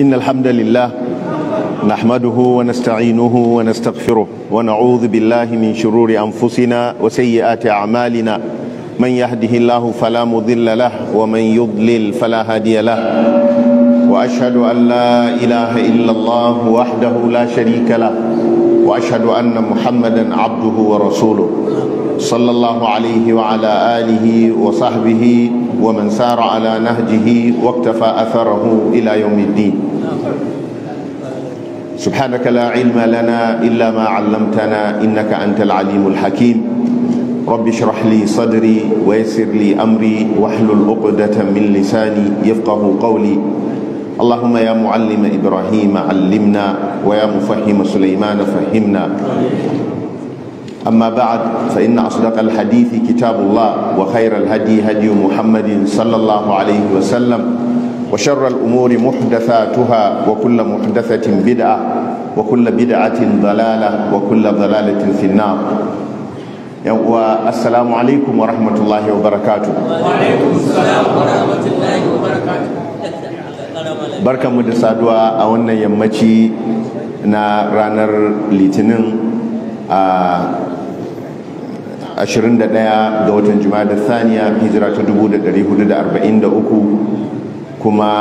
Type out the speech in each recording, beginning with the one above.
إن الحمد لله نحمده ونستعينه ونستغفره ونعوذ بالله من شرور أنفسنا وسيئات أعمالنا من يهده الله فلا مضل له ومن يضلل فلا هادي له وأشهد أن لا إله إلا الله وحده لا شريك له وأشهد أن محمدا عبده ورسوله صلى الله عليه وعلى آله وصحبه ومن سار على نهجه واقتفى أثره إلى يوم الدين سبحانك لا علم لنا إلا ما علمتنا إنك أنت العليم الحكيم رب اشرح لي صدري ويسر لي أمري واحلل عقدة من لساني يفقه قولي اللهم يا معلم إبراهيم علمنا ويا مفهم سليمان فهمنا أما بعد فإن أصدق الحديث كتاب الله وخير الهدي هدي محمد صلى الله عليه وسلم وشر الأمور محدثاتها وكل محدثة بدعة وكل بدعة ضلالة وكل ضلالة في النار السلام عليكم ورحمة الله وبركاته وعليكم السلام ورحمة الله وبركاته barka mu da saduwa a wannan yammaci na ranar litinin a 21 ga watan jima'a da saniya hijira ta 1443 kuma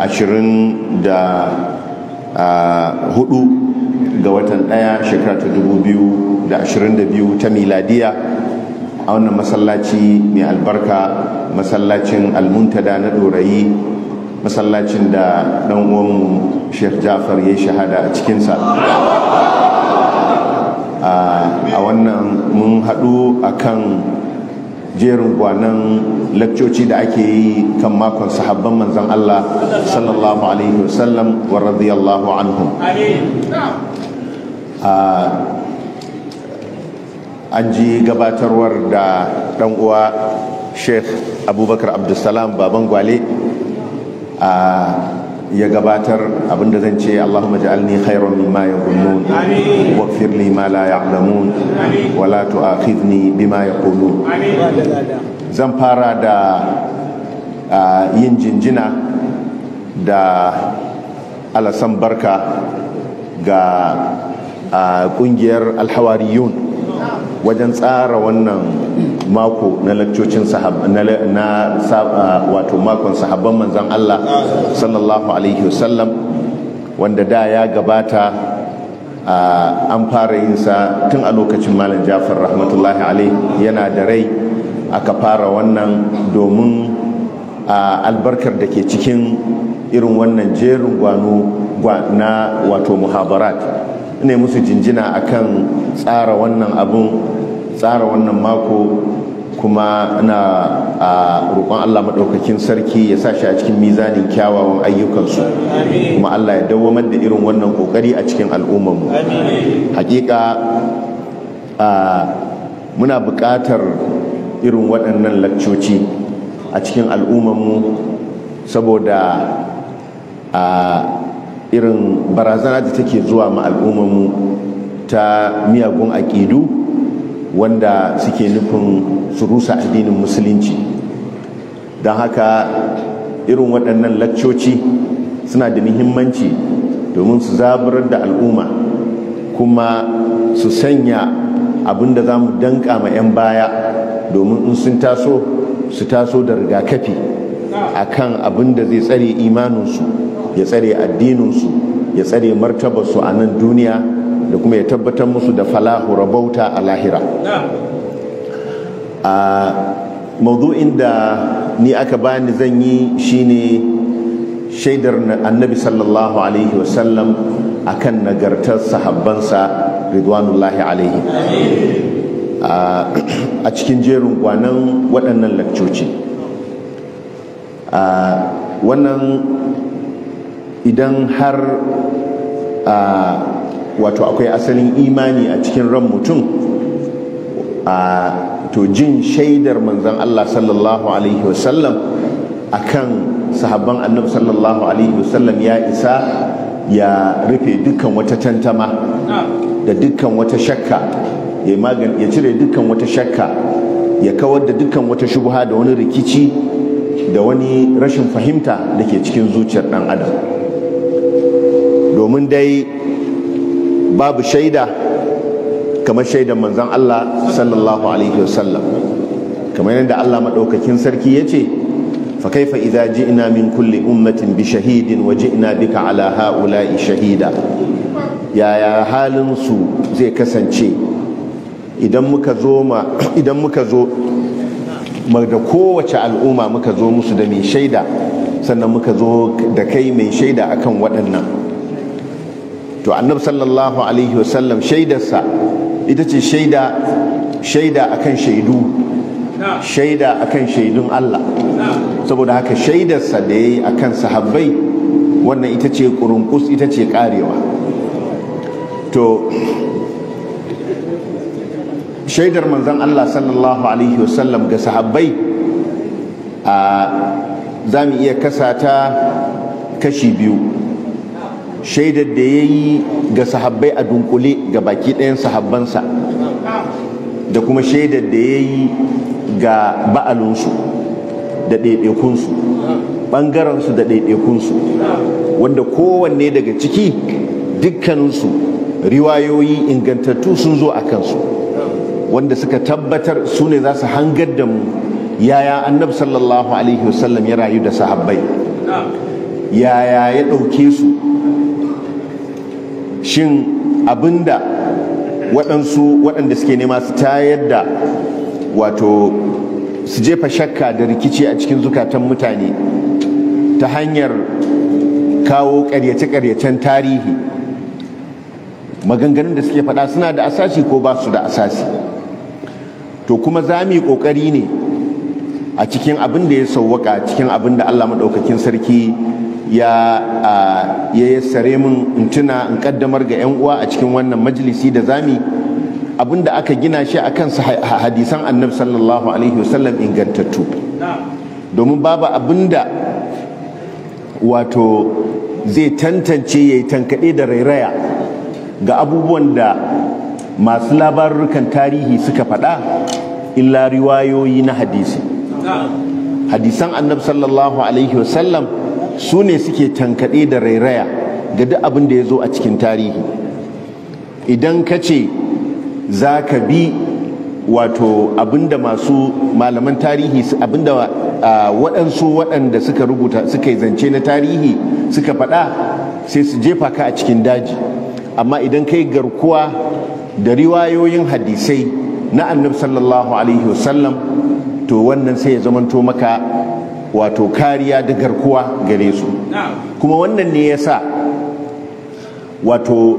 24 ga watan ɗaya shekara ta 2022 ta miladiya a wannan masallaci mai albarka masallacin almuntada na ɗorayi masallacin da ɗan uwanmu sheikh jafar ya shahada a cikinsa a wannan mun haɗu akan jerin gwanan lakcoci da ake yi kan makon sahabban manzan Allah sallallahu alaihi wasallam wa radiyallahu anhu ah, an ji gabatarwar da dan uwa sheikh abubakar abdulsalam baban gwale a ah, ya gabatar abinda zan ce Allahumma ja'alni khairan mimma yaqulun waghfir li ma la ya'lamun wa la tu'akhidhni bima yaqulun zan fara da yin jinjina da alasan barka ga kungiyar alhawariyun wajen tsara wannan mako na lakcocin wato makon sahabban manzan Allah sallallahu alaihi wasallam wanda da ya gabata an fara yin sa tun a lokacin malam Jafar rahmatullahi alaihi yana da rai aka fara wannan domin albarkar da ke cikin irin wannan jerin gwano na wato muhabarat ne musu jinjina akan tsara wannan abun tsara wannan mako kuma na a roƙon Allah maɗaukakin sarki ya sa shi a cikin mizanin kyawawan ayyukansu kuma Allah ya dawwamar da irin wannan ƙoƙari a cikin al'ummanmu hakika muna buƙatar irin waɗannan lakcoci a cikin al'ummanmu saboda irin barazana da take zuwa ma mu ta miyagun aƙidu wanda suke nufin su rusa addinin musulunci don haka irin waɗannan lakcoci suna da muhimmanci domin su zaburar da al'umma kuma su sanya abinda za mu danka ma 'yan baya domin in sun taso su taso da rigakafi kan abinda zai tsare imaninsu ya tsare addininsu ya tsare martabarsu a nan duniya da kuma ya tabbatar musu da falahu rabauta a lahira a maudu'in da ni aka bani zan yi shine shaidar annabi sallallahu alaihi wasallam kan nagartar sahabbansa ridwanullahi alaihi a cikin jerin gwanan waɗannan lakcoci wannan idan har wato akwai asalin imani a cikin ran mutum a to jin shaidar manzan Allah sallallahu alaihi wasallam a kan sahabban annabi sallallahu alaihi wasallam ya isa ya rufe dukkan wata tantama da dukkan wata shakka ya cire dukkan wata shakka ya kawar da dukkan wata shubha da wani rikici da wani rashin fahimta da ke cikin zuciyar ɗan adam domin dai babu shaida kamar shaidan manzon Allah sallallahu alaihi wasallam kamar yadda Allah madaukakin sarki yace fa kaifa idza ji'na min kulli ummatin bi shahidin wa ji'na bika ala haula'i shahida yaya halin su zai kasance idan muka zo ma idan muka zo da kowace al'umma muka zo musu da mai shaida sannan muka zo da kai mai shaida akan waɗannan to annab sallallahu alaihi wasallam shaidarsa ita ce shaida shaida akan shaidu shaida akan shaidun Allah saboda haka shaidarsa da yayi akan sahabbai wannan ita ce kurunkus ita ce karewa to shaidar manzon Allah sallallahu alaihi wasallam ga sahabbai a za mu iya kasata kashi biyu shaidar da ya yi ga sahabbai a dunkule ga baki ɗayan sahabbansa da kuma shaidar da ya yi ga ba'alinsu da ɗaiɗaikunsu ɓangarensu da ɗaiɗaikunsu wanda kowanne daga ciki dukkaninsu riwayoyi ingantattu sun zo a kansu wanda suka tabbatar su ne za su hangar da mu yaya annabi sallallahu alaihi wasallam ya rayu da sahabbai yaya ya ɗauke su shin abinda waɗansu waɗanda suke nema su tayar da wato su jefa shakka da rikici a cikin zukatan mutane ta hanyar kawo ƙaryace karyacen tarihi maganganun da suke faɗa suna da asasi ko ba su da asasi to kuma za mu yi ƙoƙari ne a cikin abin da ya sauwaka cikin abin da allah maɗaukakin sarki ya ya yassare min in tuna in kaddamar ga 'yan uwa a cikin wannan majalisi da zami abinda aka gina shi a kan hadisan annabi sallallahu alaihi wasallam ingantattu domin babu da wato zai tantance ya yi tankaɗe da rairaya ga abubuwan da masu labarurukan tarihi suka faɗa illa riwayoyi na hadisi hadisan annabi sallallahu alaihi wasallam su ne suke tankaɗe da rairaya ga duk abin da ya zo a cikin tarihi idan ka ce za ka bi wato abinda masu malaman tarihi abinda waɗansu waɗanda suka rubuta suka yi zance na tarihi suka faɗa sai su jefa ka a cikin daji amma idan kai garkuwa da riwayoyin hadisai na annabi sallallahu alaihi wasallam to wannan sai ya zamanto maka wato kariya da garkuwa gare su kuma wannan ne ya sa wato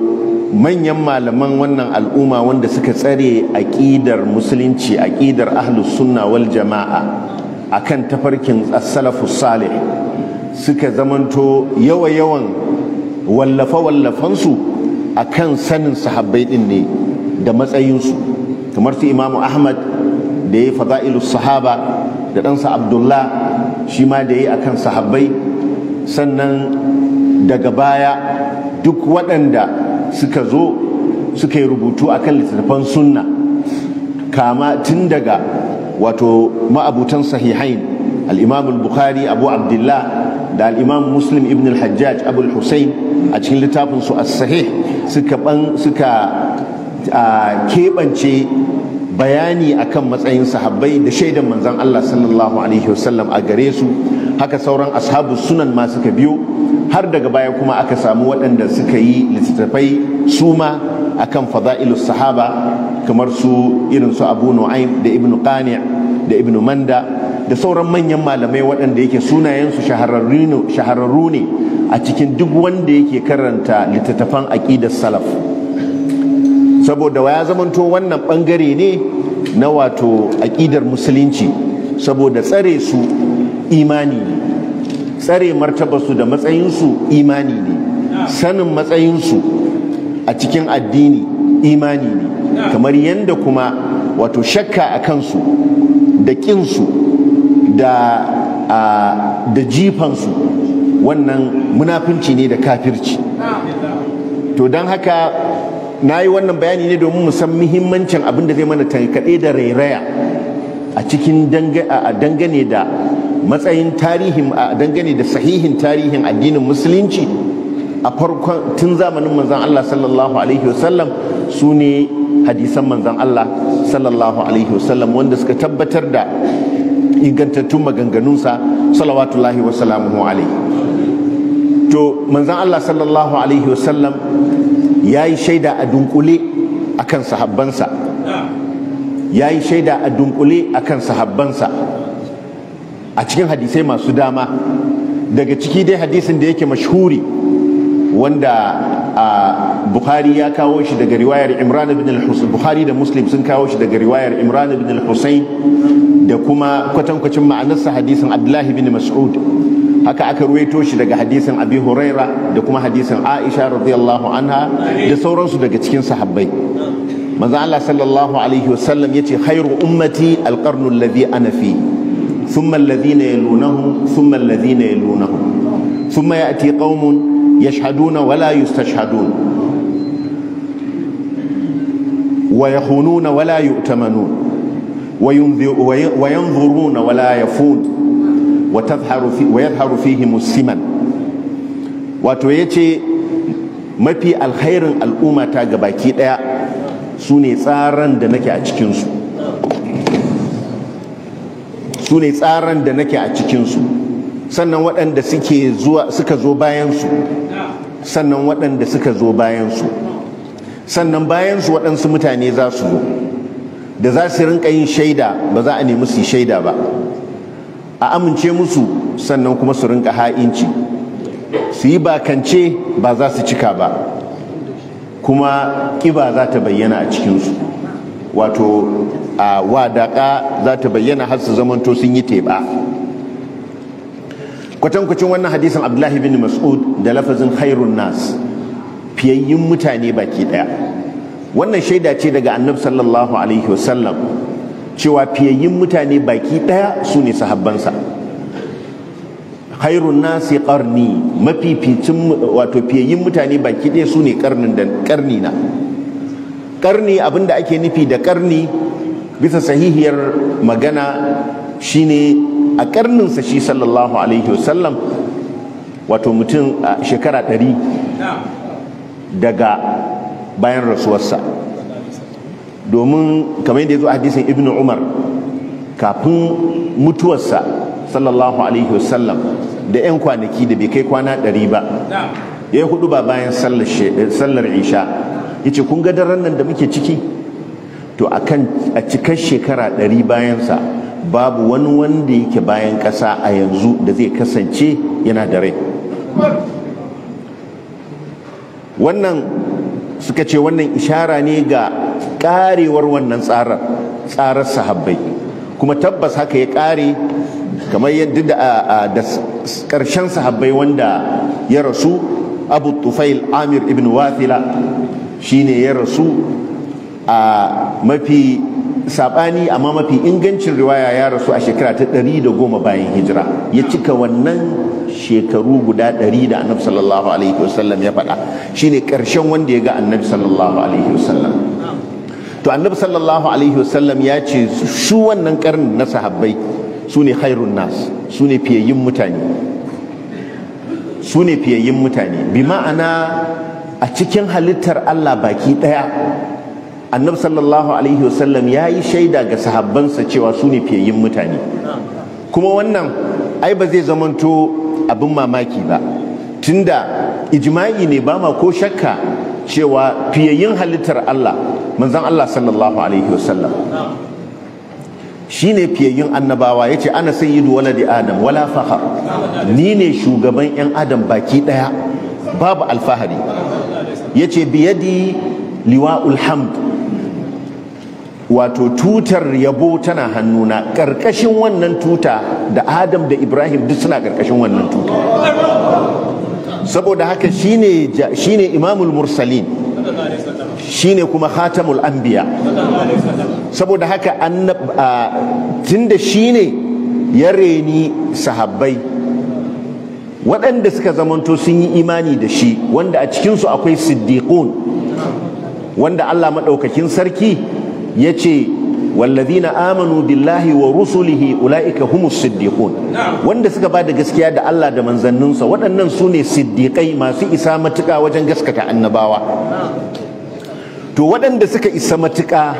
manyan malaman wannan al'umma wanda suka tsare aƙidar musulunci aƙidar ahlus sunna wal jama'a kan tafarkin salafus salih suka zamanto yawa-yawan wallafa wallafansu a kan sanin sahabbai ɗin ne da matsayinsu kamar su imamu ahmad da ya yi fada'ilus sahaba da ɗansa abdullah shi ma da yi a kan sahabbai sannan daga baya duk waɗanda suka zo suka yi rubutu a kan littattafan sunna kama tun daga wato ma'abutan sahihain al'imam bukhari abu abdullah da al'imam muslim ibn al-hajjaj abu hussein a cikin littafinsu a sahih suka keɓance bayani akan matsayin sahabbai da shaidan manzan Allah sallallahu alaihi wasallam a gare su haka sauran ashabu sunan ma suka biyo har daga baya kuma aka samu waɗanda suka yi littattafai su ma akan fada'ilus sahaba kamar su irin su Abu Nu'aym da Ibn Qani' da Ibn Manda da sauran manyan malamai waɗanda yake sunayensu shahararru ne a cikin duk wanda yake karanta littattafan aqidar salaf saboda ya zamanto wannan bangare ne na wato aƙidar musulunci saboda tsare su imani ne tsare martabarsu da matsayinsu imani ne sanin matsayinsu a cikin addini imani ne kamar yadda kuma wato shakka a kansu da ƙinsu da jifansu wannan munafunci ne da kafirci to don haka na yi wannan bayani ne domin mu san muhimmancin abin da zai mana tankaɗe da rairaya a cikin dangane da matsayin tarihin a dangane da sahihin tarihin addinin musulunci a farkon tun zamanin manzan Allah sallallahu alaihi wasallam su ne hadisan manzan Allah sallallahu alaihi wasallam wanda suka tabbatar da ingantattun maganganunsa salawatullahi wasalamuhu alaihi to manzan Allah sallallahu alaihi wasallam ya yi shaida a dunkule a kan sahabbansa ya yi shaida a dunkule a kan sahabbansa a cikin hadisai masu dama daga ciki dai hadisin da yake mashuri wanda a bukhari ya kawo shi daga riwayar imran ibn al-husayn bukhari da muslim sun kawo shi daga riwayar imran ibn al-husayn da kuma kwatankwacin ma'anarsa hadisin abdullahi bin mas'ud haka aka ruwaito shi daga hadisin abi huraira da kuma hadisin aisha radiyallahu anha da sauransu daga cikin sahabbai manzo Allah sallallahu alaihi wasallam yace khairu ummati alqarnu alladhi ana fi thumma alladhina yalunahum thumma alladhina yalunahum thumma ya'ti qaumun yashhaduna wa la yustashhadun wa yakhununa wa la yu'tamanun وينظرون ولا يفون wa yadhharu fihim siman wato ce mafi alkhairin al'umma ta gabaki daya ne tsaran da nake a cikinsu. su ne tsaran da nake a cikinsu sannan waɗanda suka zo bayansu sannan waɗanda suka zo bayansu sannan bayansu waɗansu mutane za su zo da za su rinka yin shaida ba za a nemi su shaida ba a amince musu sannan kuma su rinka ha'inci su yi bakance ba za su cika ba kuma ƙiba za ta bayyana a cikinsu wato a wadaƙa za ta bayyana har su zamanto sun yi teɓa kwatankwacin wannan hadisin abdullahi bin mas'ud da lafazin khairun nas fiyayyun mutane baki daya wannan shaida ce daga annab sallallahu alaihi wasallam cewa fiyayyin mutane baki ɗaya su ne sahabbansa khairun nasi karni mafificin wato fiyayyin mutane baki ɗaya su ne karni na karni abinda ake nufi da karni bisa sahihiyar magana shine a karninsa shi sallallahu alaihi wasallam wato mutum a shekara ɗari daga bayan rasuwarsa domin kamar yadda ya zo a hadisin ibn umar kafin mutuwarsa sallallahu alaihi wasallam da 'yan kwanaki da bai kai kwana ɗari ba ya yi hudu ba bayan eh, sallar isha ya ce kun ga daren nan da muke ciki to a cikar shekara ɗari bayansa babu wani wanda yake bayan ƙasa a yanzu da zai kasance yana da rai wannan suka ce wannan ishara ne ga karewar wannan tsarar tsarar sahabbai kuma tabbas haka ya kare kamar yadda da karshen sahabbai wanda ya rasu abu tufail amir ibn wafila shine ya rasu a mafi sabani amma mafi ingancin riwaya ya rasu a shekara ta ɗari da goma bayan hijira ya cika wannan shekaru guda ɗari da annabi sallallahu alaihi wasallam ya faɗa shine ƙarshen wanda ya ga annabi sallallahu alaihi wasallam to annabi sallallahu alaihi wasallam ya ce su wannan ƙarni na sahabbai su ne khairun nas su ne fiyayyin mutane su ne fiyayyin mutane bi ma'ana a cikin halittar Allah baki ɗaya annabi sallallahu alaihi wasallam ya yi shaida ga sahabbansa cewa su ne fiyayyin mutane kuma wannan ai ba zai zamanto abin mamaki ba tunda ijma'i ne ba ma ko shakka cewa fiyayyin halittar Allah manzan Allah sallallahu alaihi wasallam shine fiyayyun annabawa yace ana sayyidu waladi adam wala fahar ni ne shugaban yan adam baki daya babu alfahari yace biyadi liwa'ul hamd wato tutar yabo tana hannuna ƙarƙashin wannan tuta da adam da ibrahim duk suna ƙarƙashin wannan tuta saboda haka shine imamul mursalin shine kuma khatamul anbiya saboda haka tun da shine ya reni sahabbai waɗanda suka zamanto sun yi imani da shi wanda a cikinsu akwai siddiqun wanda allah maɗaukakin sarki ya ce wallazina amanu billahi wa rusulihi ula'ika humus siddiqun wanda suka ba da gaskiya da Allah da manzanninsa waɗannan su ne siddiƙai masu isa matuƙa wajen gaskata annabawa to waɗanda suka isa matuƙa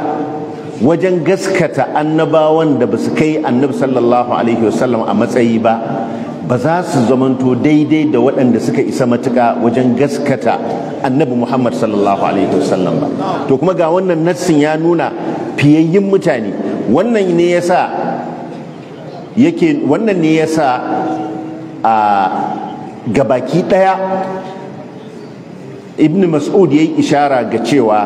wajen gaskata annabawan da ba su kai annabi sallallahu alaihi wasallam a matsayi ba ba za su zamanto daidai da waɗanda suka isa matuka wajen gaskata annabi Muhammad sallallahu alaihi wasallam ba to kuma ga wannan nassin ya nuna fiyayyin mutane wannan ne yasa yake wannan ne sa a gabaki ɗaya ibn mas'ud ya yi ishara ga cewa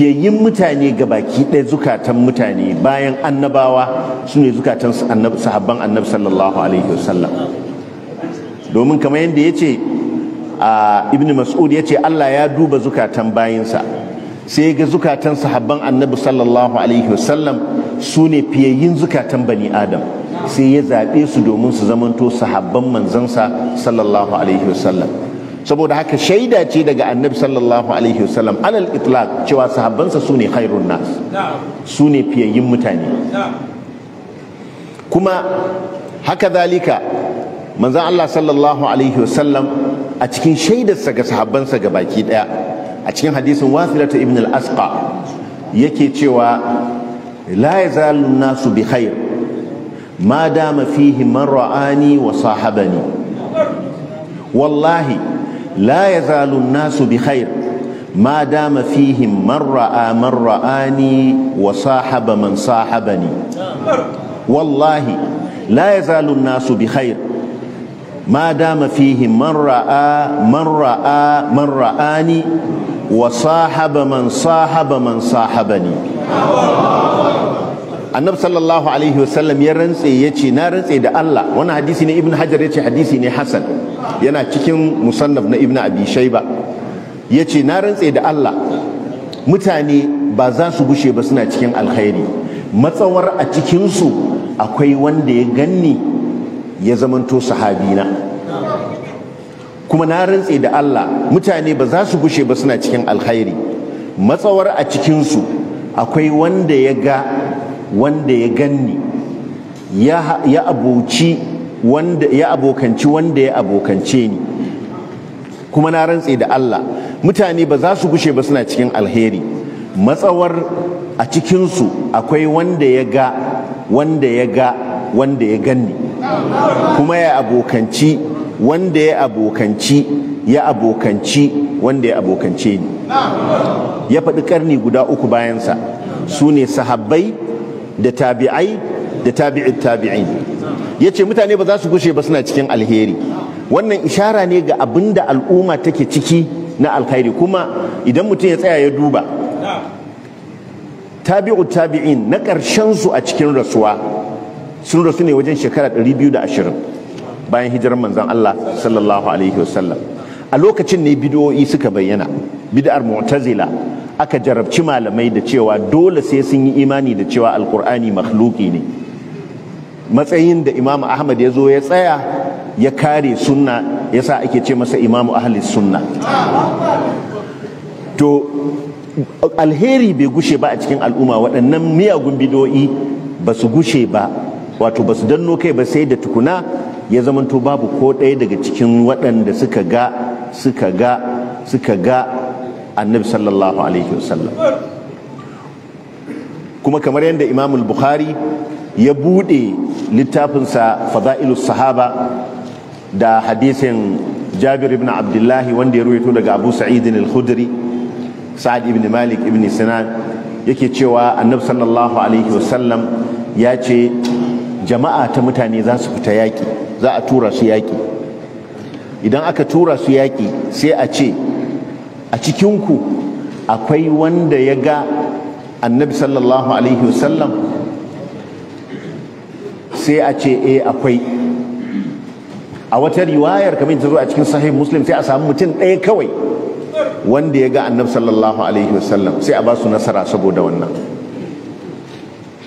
fiyayyin mutane ga baki ɗaya zukatan mutane bayan annabawa su ne zukatan sahabban annab sallallahu alaihi wasallam domin kamar yadda ya ce ibn mas'ud ya ce allah ya duba zukatan bayinsa sai ga zukatan sahabban annabi sallallahu alaihi wasallam su ne fiyayyin zukatan bani adam sai ya zaɓe su domin su zamanto sahabban manzansa sallallahu alaihi wasallam saboda haka shaida ce daga annabi sallallahu alaihi wasallam alal itlaq cewa sahabbansa su ne khairun nas su ne fiyayyin mutane kuma haka zalika manzan Allah sallallahu alaihi wasallam a cikin shaidarsa ga sahabbansa ga baki daya a cikin hadisin wasilata ibn al-asqa yake cewa la yazalu nasu bi khair ma dama fihi man ra'ani wa sahabani wallahi la yazalu nasu bi khair ma dama fihim wallahi la yazalu nasu bi khair ma dama fihim man ra'a man ra'ani wa sahaba man sahaba man annab sallallahu alaihi wasallam ya rantse ya ce na rantse da Allah wani hadisi ne ibn hajar ya ce hadisi ne hasan yana cikin musannaf na ibn abi shaiba ya ce na rantse da Allah mutane ba za su gushe ba suna cikin alkhairi matsawar a cikinsu akwai wanda ya ganni ya zamanto sahabina kuma na rantse da Allah mutane ba za su bushe ba suna cikin alkhairi matsawar a cikinsu akwai wanda ya ga wanda ya ganni ya abuci wanda ya abokanci wanda ya abokance ni kuma na rantse da Allah mutane ba za su gushe ba suna cikin alheri matsawar a cikinsu akwai wanda ya ga wanda ya ga wanda ya ganni kuma ya abokanci wanda ya abokanci ya abokanci wanda ya abokance ni ya faɗi karni guda uku bayansa su ne sahabbai da tabi'ai da tabi'in tabi'in ya ce mutane ba za su gushe ba suna cikin alheri wannan ishara ne ga abin da al'umma take ciki na alkhairi kuma idan mutum ya tsaya ya duba tabi'u tabi'in na ƙarshen su a cikin rasuwa sun rasu ne wajen shekara 220 bayan hijirar manzon Allah sallallahu alaihi wasallam a lokacin ne bidoi suka bayyana bid'ar mu'tazila aka jarabci malamai da cewa dole sai sun yi imani da cewa alkur'ani makhluki ne matsayin da imamu ahmad ya zo ya tsaya ya kare sunna ya sa ake ce masa imamu ahalis sunna to alheri bai gushe ba a cikin al'umma waɗannan miyagun bidoyi ba su gushe ba wato ba su danno kai ba sai da tukuna ya zamanto babu ko ɗaya daga cikin waɗanda suka ga suka ga suka ga annabi sallallahu alaihi wasallam kuma kamar yadda imam bukhari ya bude littafinsa fadailu sahaba da hadisin jabir ibn abdullahi wanda ya ruwaito daga abu sa'idin al-khudri sa'ad ibn malik ibn sinan yake cewa annabi sallallahu alaihi wasallam ya ce jama'a ta mutane za su fita yaƙi za a tura su yaƙi idan aka tura su yaƙi sai a ce a cikinku akwai wanda ya ga annabi sallallahu alaihi wasallam sai a ce eh akwai a wata riwayar kamar ta zo a cikin sahih muslim sai a samu mutum ɗaya kawai wanda ya ga annabi sallallahu alaihi wasallam sai a ba su nasara saboda wannan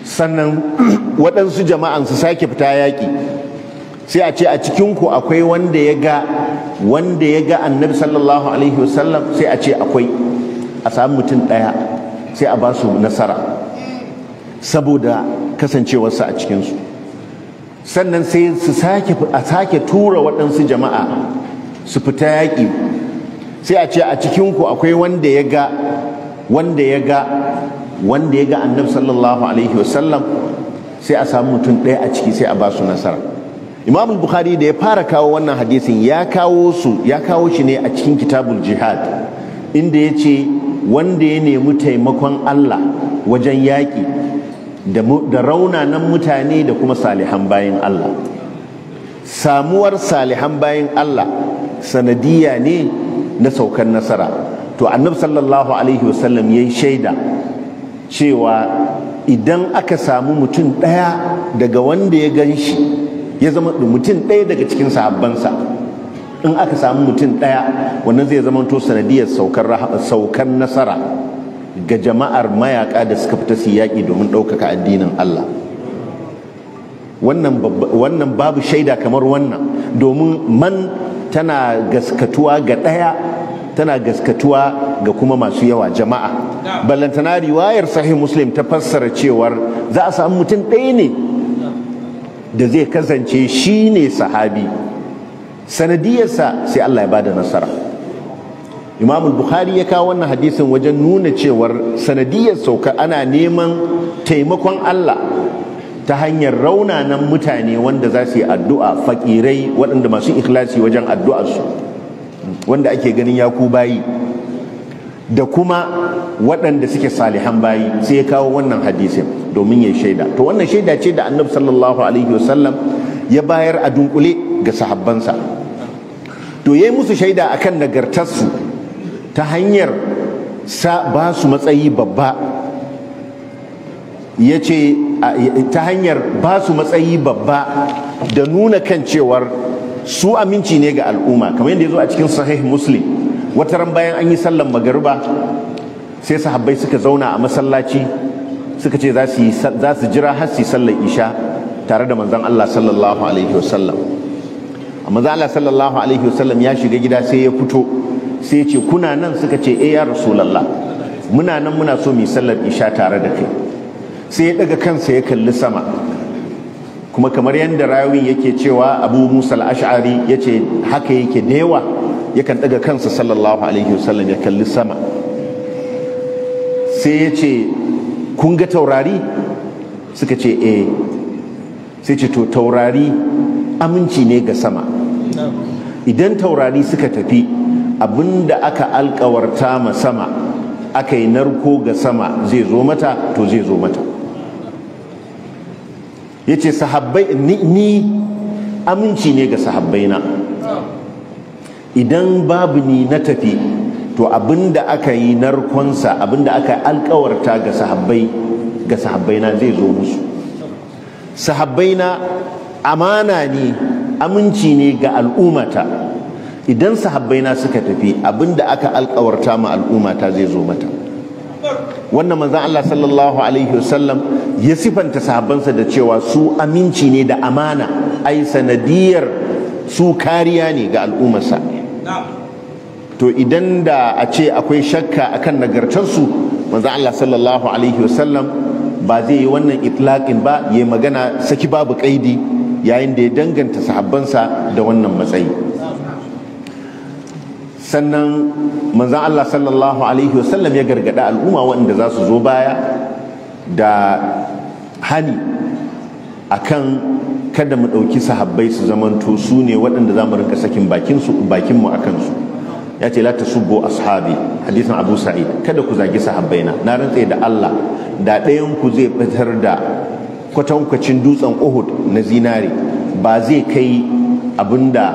sannan waɗansu jama'an su sake fita yaƙi sai a ce a cikinku akwai wanda ya ga wanda ya ga annabi sallallahu alaihi wasallam sai a ce akwai a samu mutum ɗaya sai a ba su nasara saboda kasancewarsa a cikinsu sannan sai su sake a sake tura waɗansu jama'a su fita yaƙi sai a ce a cikinku akwai wanda ya ga wanda ya ga wanda ya ga annabi sallallahu alaihi wasallam sai a samu mutum ɗaya a ciki sai a ba su nasara imam al-bukhari da ya fara kawo wannan hadisin ya kawo su ya kawo shi ne a cikin kitabul jihad inda ya ce wanda ya nemi taimakon allah wajen yaƙi da raunanan mutane da kuma salihan bayan allah samuwar salihan bayan allah sanadiyya ne na saukar nasara to annabi sallallahu alaihi wasallam ya yi shaida cewa idan aka samu mutum ɗaya daga wanda ya gan shi ya zama mutum ɗaya daga cikin sahabbansa in aka samu mutum ɗaya wannan zai zama to sanadiyar saukar nasara ga jama'ar mayaka da suka fita su yaƙi domin ɗaukaka addinin Allah wannan babu shaida kamar wannan domin man tana gaskatuwa ga ɗaya tana gaskatuwa ga kuma masu yawa jama'a ballantana riwayar sahih muslim ta fassara cewar za a samu mutum ɗaya ne da zai kasance shi ne sahabi sanadiyarsa sai Allah ya bada nasara imam bukhari ya kawo wannan hadisin wajen nuna cewar sanadiyar sauka ana neman taimakon Allah ta hanyar raunanan mutane wanda za su yi addu'a fakirai waɗanda masu ikhlasi wajen addu'arsu wanda ake ganin ya ku bayi da kuma waɗanda suke salihan bayi sai ya kawo wannan hadisin domin ya shaida to wannan shaida ce da annabi sallallahu alaihi wasallam ya bayar a dunkule ga sahabbansa to yayi musu shaida akan nagartarsu ta hanyar sa ba su matsayi babba ya ta hanyar ba su matsayi babba da nuna kan cewar su aminci ne ga al'umma kamar yadda ya zo a cikin sahih muslim wataran bayan an yi sallan magariba sai sahabbai suka zauna a masallaci suka ce za su jira har su sallar isha tare da manzon Allah sallallahu alaihi wasallam manzon Allah sallallahu alaihi wasallam ya shiga gida sai ya fito sai ya ce kuna nan suka ce eh ya rasulullah muna nan muna so mu sallar isha tare da kai sai ya daga kansa ya kalli sama kuma kamar yadda rawi yake cewa abu musa al'ashari ya ce haka yake da yawa yakan daga kansa sallallahu alaihi wasallam ya kalli sama sai ya ce kun ga taurari suka ce eh sai ce to taurari aminci ne ga sama idan taurari suka tafi abinda aka alkawarta ma sama aka yi narko ga sama zai zo mata to zai zo mata ya ce sahabbai ni aminci ne ga na idan babu ni na tafi to abinda aka yi narkonsa abinda aka alkawarta ga sahabbai ga sahabbaina zai zo musu sahabbaina amana ne aminci ne ga al'umata idan sahabbaina suka tafi abinda aka alkawarta ma al'ummata zai zo mata wannan manzon Allah sallallahu alaihi wasallam ya sifanta sahabbansa da cewa su aminci ne da amana ai sanadiyar su kariya ne ga al'ummarsa to idan da a ce akwai shakka akan nagartarsu manzo Allah sallallahu alaihi wasallam ba zai yi wannan itlaqin ba ya magana saki babu kaidi yayin da ya danganta sahabbansa da wannan matsayi sannan manzo Allah sallallahu alaihi wasallam ya gargada al'umma waɗanda za su zo baya da hani akan kada mu ɗauki sahabbai su zamanto su ne waɗanda za mu rinka sakin bakin mu a kansu ya ce lati subo ashabi hadisin Abu Sa'id kada ku zagi sahabbaina na rantse da Allah da ɗayan ku zai fitar da kwatankwacin dutsen Uhud na zinari ba zai kai abinda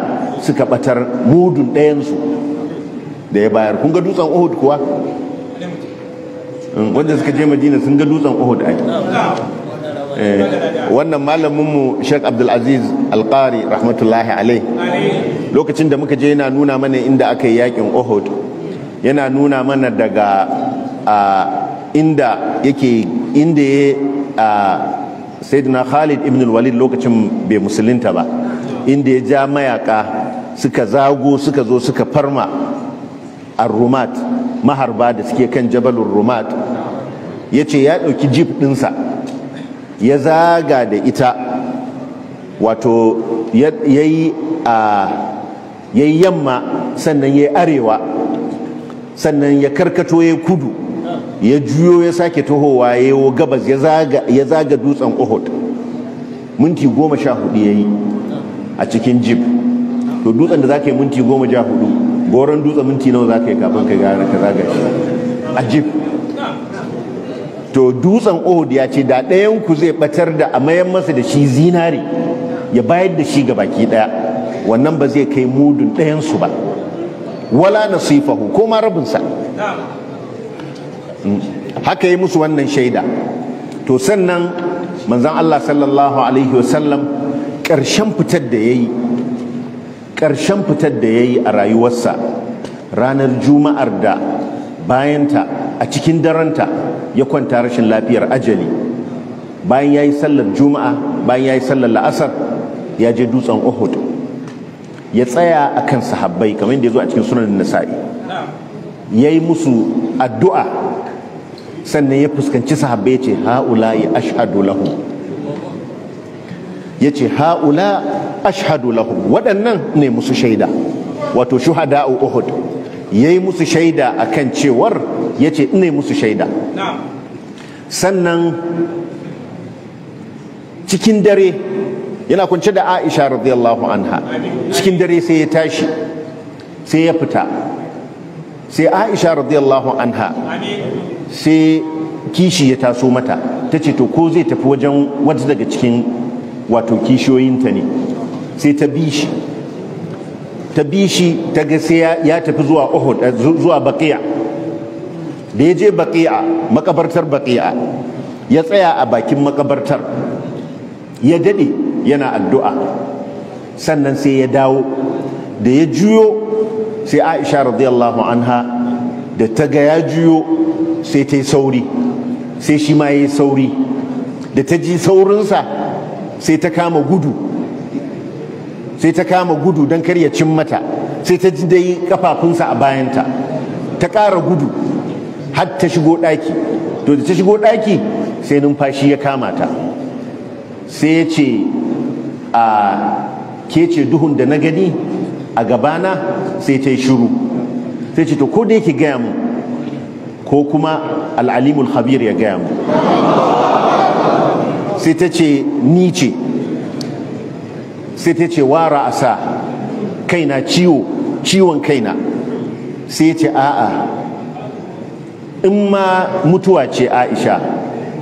suka batar mudun ɗayan su da ya bayar kun ga dutsen Uhud kuwa mm, wanda suka je Madina sun ga dutsen Uhud ai Eh, wannan malaminmu sheik abdulaziz alkari rahmatullahi alai lokacin da muka je yana nuna mana inda aka yi yakin ohud yana nuna mana daga inda yake inda ya saidina khalid ibn walid lokacin bai musulunta ba inda ya ja mayaka suka zago suka zo suka farma a rumat maharba da suke kan jabalur rumat ya ce ya dauki jeep dinsa ya zaga da ita wato ya yi yamma sannan ya yi arewa sannan ya karkato ya kudu ya juyo ya sake tohowa ya yi gabas ya zaga dutsen uhud minti goma sha hudu ya yi a cikin jib to dutsen da za ka yi minti goma sha hudu goron dutsen minti nawa za ka yi kafin ka gane ka zaga shi a jib to dutsen Uhud ya ce da ɗayan ku zai batar da a mayan masa da shi zinari ya bayar da shi ga baki ɗaya wannan ba zai kai mudun ɗayan su ba wala nasifahu ko ma rabinsa hmm. haka yi musu wannan shaida to sannan manzan Allah sallallahu alaihi wasallam ƙarshen fitar da ya ƙarshen fitar da ya yi a rayuwarsa ranar juma'ar da bayanta a cikin daranta ya kwanta rashin lafiyar ajali bayan ya yi sallar juma'a bayan ya yi sallar la'asar ya je dutsen uhud ya tsaya a kan sahabbai kamar yadda ya zo a cikin sunan nasa'i ya yi musu addu'a sannan ya fuskanci sahabbai ya ce ha'ula ya ashadu lahu ya ce ha'ula ashadu lahu waɗannan ne musu shaida wato shuhada'u uhud ya yi musu shaida a kan cewar ya ce ina musu shaida sannan cikin dare yana kwance da aisha radiyallahu anha cikin dare sai ya tashi sai ya fita sai aisha radiyallahu anha sai kishi ya taso mata ta ce to ko zai tafi wajen wata daga cikin wato kishiyoyinta ne sai ta bi shi ta bi shi ta ga sai ya tafi zuwa uhud eh, da ya je baƙi'a makabartar baƙi'a ya tsaya a bakin makabartar ya daɗe yana addu'a sannan sai ya dawo da ya juyo sai aisha radiyallahu anha da ta ga ya juyo sai ta yi sauri sai shi ma ya yi sauri da ta ji saurinsa sai ta kama gudu sai ta kama gudu don kar ya mata sai ta ji dai kafafunsa a bayanta ta ƙara gudu har ta shigo ɗaki to da ta shigo ɗaki sai numfashi ya kama ta sai ya ce a ke ce duhun da na gani a gabana sai ta yi shiru sai ce to ko da yake gaya mu ko kuma al'alimul khabir ya gaya mu sai ta ce ni ce sai ta ce wara a sa kaina ciwo ciwon kaina sai ya ce a'a in ma mutuwa ce aisha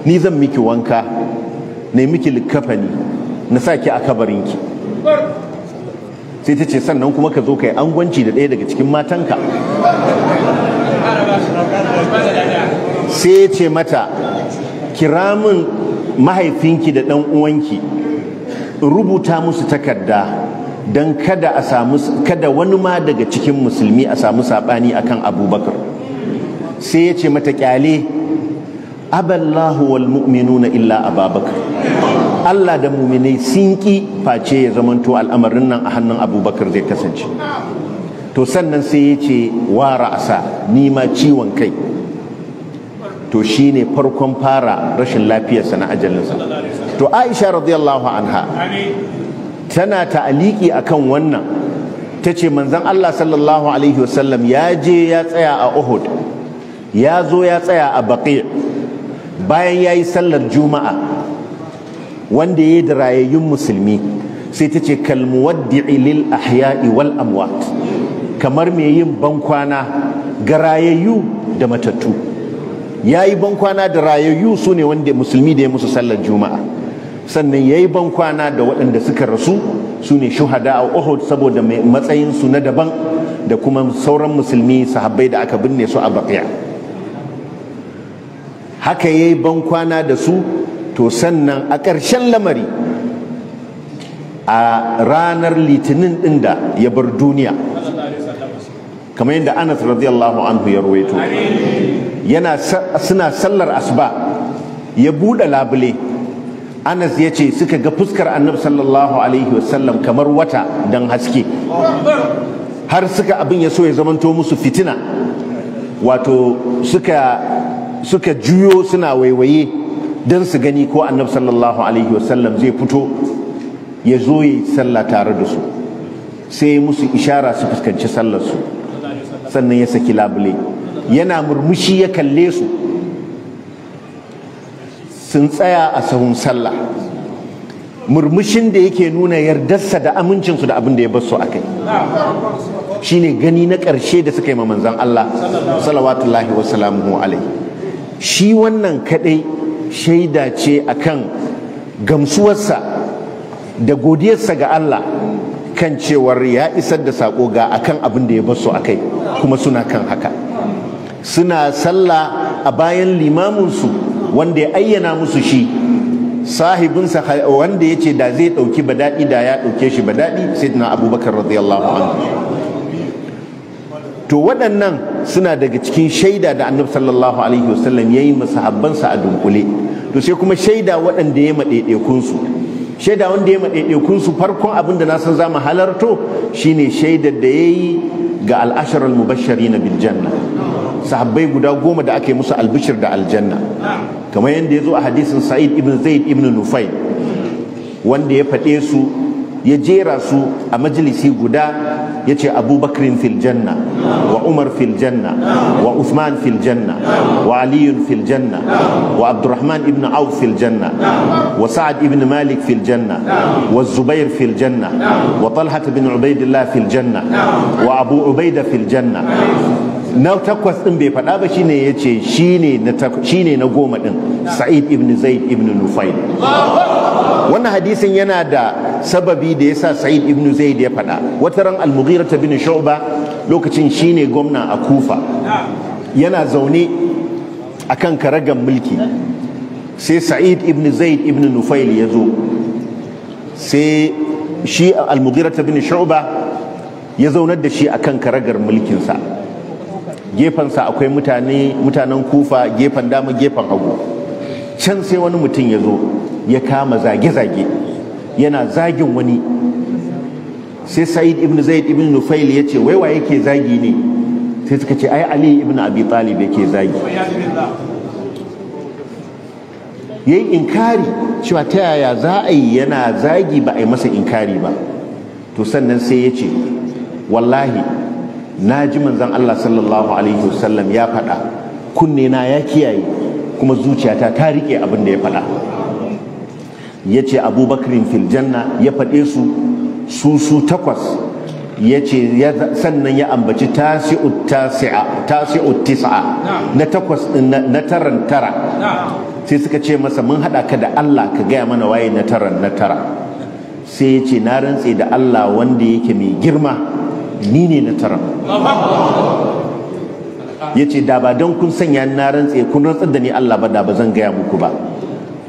ni zan miki wanka ne miki likafani na saki a kabarinki sai ta ce sannan kuma ka zo ka yi angwanci da ɗaya daga cikin matanka sai ya ce mata kiramin mahaifinki da ɗan uwanki rubuta musu takarda don kada wani ma daga cikin musulmi a samu saɓani akan abubakar sai ya ce mata kyale aballahu wal na illa ababakar Allah da muminai sun ki face ya zamanto al'amarin nan a hannun abubakar zai kasance to sannan sai ya ce wa ra'asa nima ciwon kai to shine farkon fara rashin lafiyarsa na ajalinsa to aisha radiyallahu anha tana ta'aliki kan wannan ta ce manzon Allah sallallahu alaihi wasallam ya je ya tsaya a Uhud ya zo ya tsaya a baƙi bayan ya yi sallar juma'a wanda ya yi da rayayyun musulmi sai ta ce kalmuwaddi'i lil ahya'i wal amwat kamar mai yin bankwana ga rayayyu da matattu ya yi bankwana da rayayyu su ne wanda musulmi da ya musu sallar juma'a sannan ya yi bankwana da waɗanda suka rasu su ne shuhada a uhud saboda matsayinsu na daban da kuma sauran musulmi sahabbai da aka binne su a baƙiya haka ya yayi bankwana da su to sannan a ƙarshen lamari a ranar litinin ɗin ya bar duniya kamar yadda anas radiyallahu anhu ya rawaito yana suna sallar asuba ya buɗe labule anas ya ce suka ga fuskar annabi sallallahu alaihi wasallam kamar wata don haske har suka abin ya so ya zamanto musu fitina wato suka suka juyo suna waiwaye don su gani ko annabi sallallahu alaihi wasallam zai fito ya zo yi sallah tare da su sai ya musu ishara su fuskanci su sannan ya saki labule yana murmushi ya kalle su sun tsaya a sahun sallah murmushin da yake nuna yardarsa da amincinsu da abin da ya basu a kai shine gani na ƙarshe da suka yi ma Allah salawatullahi wa alaihi shi wannan kadai shaida ce akan gamsuwarsa da godiyarsa ga Allah kan cewar ya isar da sako ga akan abin da ya basu a kai kuma suna kan haka suna sallah a bayan limaminsu wanda ya ayyana musu shi sahibinsa wanda ya ce da zai ɗauki daɗi da ya ɗauke shi ba sai na abubakar radiyallahu anhu to waɗannan suna daga cikin shaida da annabi sallallahu alaihi wasallam yayi masahabbansa a dunkule to sai kuma shaida waɗanda ya maɗaiɗaikun su shaida wanda ya maɗeɗe su farkon abin da na san zamu halarto shine shaida da yayi ga al mubashirin bil janna sahabbai guda goma da ake musu albishir da aljanna kamar yadda ya zo a hadisin sa'id ibn zaid ibn nufayl wanda ya faɗe su ya jera su a majalisi guda yace Abu Bakrin wa Umar filjanna wa Uthman filjanna wa Aliyun filjanna wa Abdurrahman ibn Auf filjanna wa Sa'ad ibn Malik filjanna wa Zubair filjanna wa talhat ibn Ubaidillah filjanna wa Abu Ubaida filjanna na takwas din bai faɗa ba shine yace shine na shine na goma din Sa'id ibn Zaid ibn Nufail wannan hadisin yana da sababi da yasa Sa'id ibn Zaid ya faɗa wata ran Al-Mughira bin Shu'ba lokacin shine gwamna a Kufa yana zaune akan karagan mulki sai Sa'id ibn Zaid ibn Nufail ya zo sai shi Al-Mughira bin Shu'ba ya zaunar da shi akan karagar mulkinsa gefensa akwai mutane mutanen Kufa gefen dama gefen hagu can sai wani mutum ya zo ya kama zage-zage yana zagin wani sai sa'id ibn zaid ibn nufail ya ce waiwa yake zagi ne sai suka ce ai ali ibn abi talib yake zagi yayi inkari cewa ta yaya za a yi yana zagi ba a yi masa inkari ba to sannan sai ya ce wallahi na ji manzan Allah sallallahu alaihi wasallam ya faɗa kunne na ya kiyaye kuma zuciyata ta riƙe abin da ya faɗa ya ce abubakarin filjanna ya faɗe su su su takwas ya ce sannan ya ambaci tasi'u tisa'a na takwas na taran tara sai suka ce masa mun haɗa ka da Allah ka gaya mana waye na taran na tara sai ya ce na rantse da Allah wanda yake mai girma ni ne na taran ya ce da ba don kun sanya na rantse kun rantsar da ni Allah ba da ba zan gaya muku ba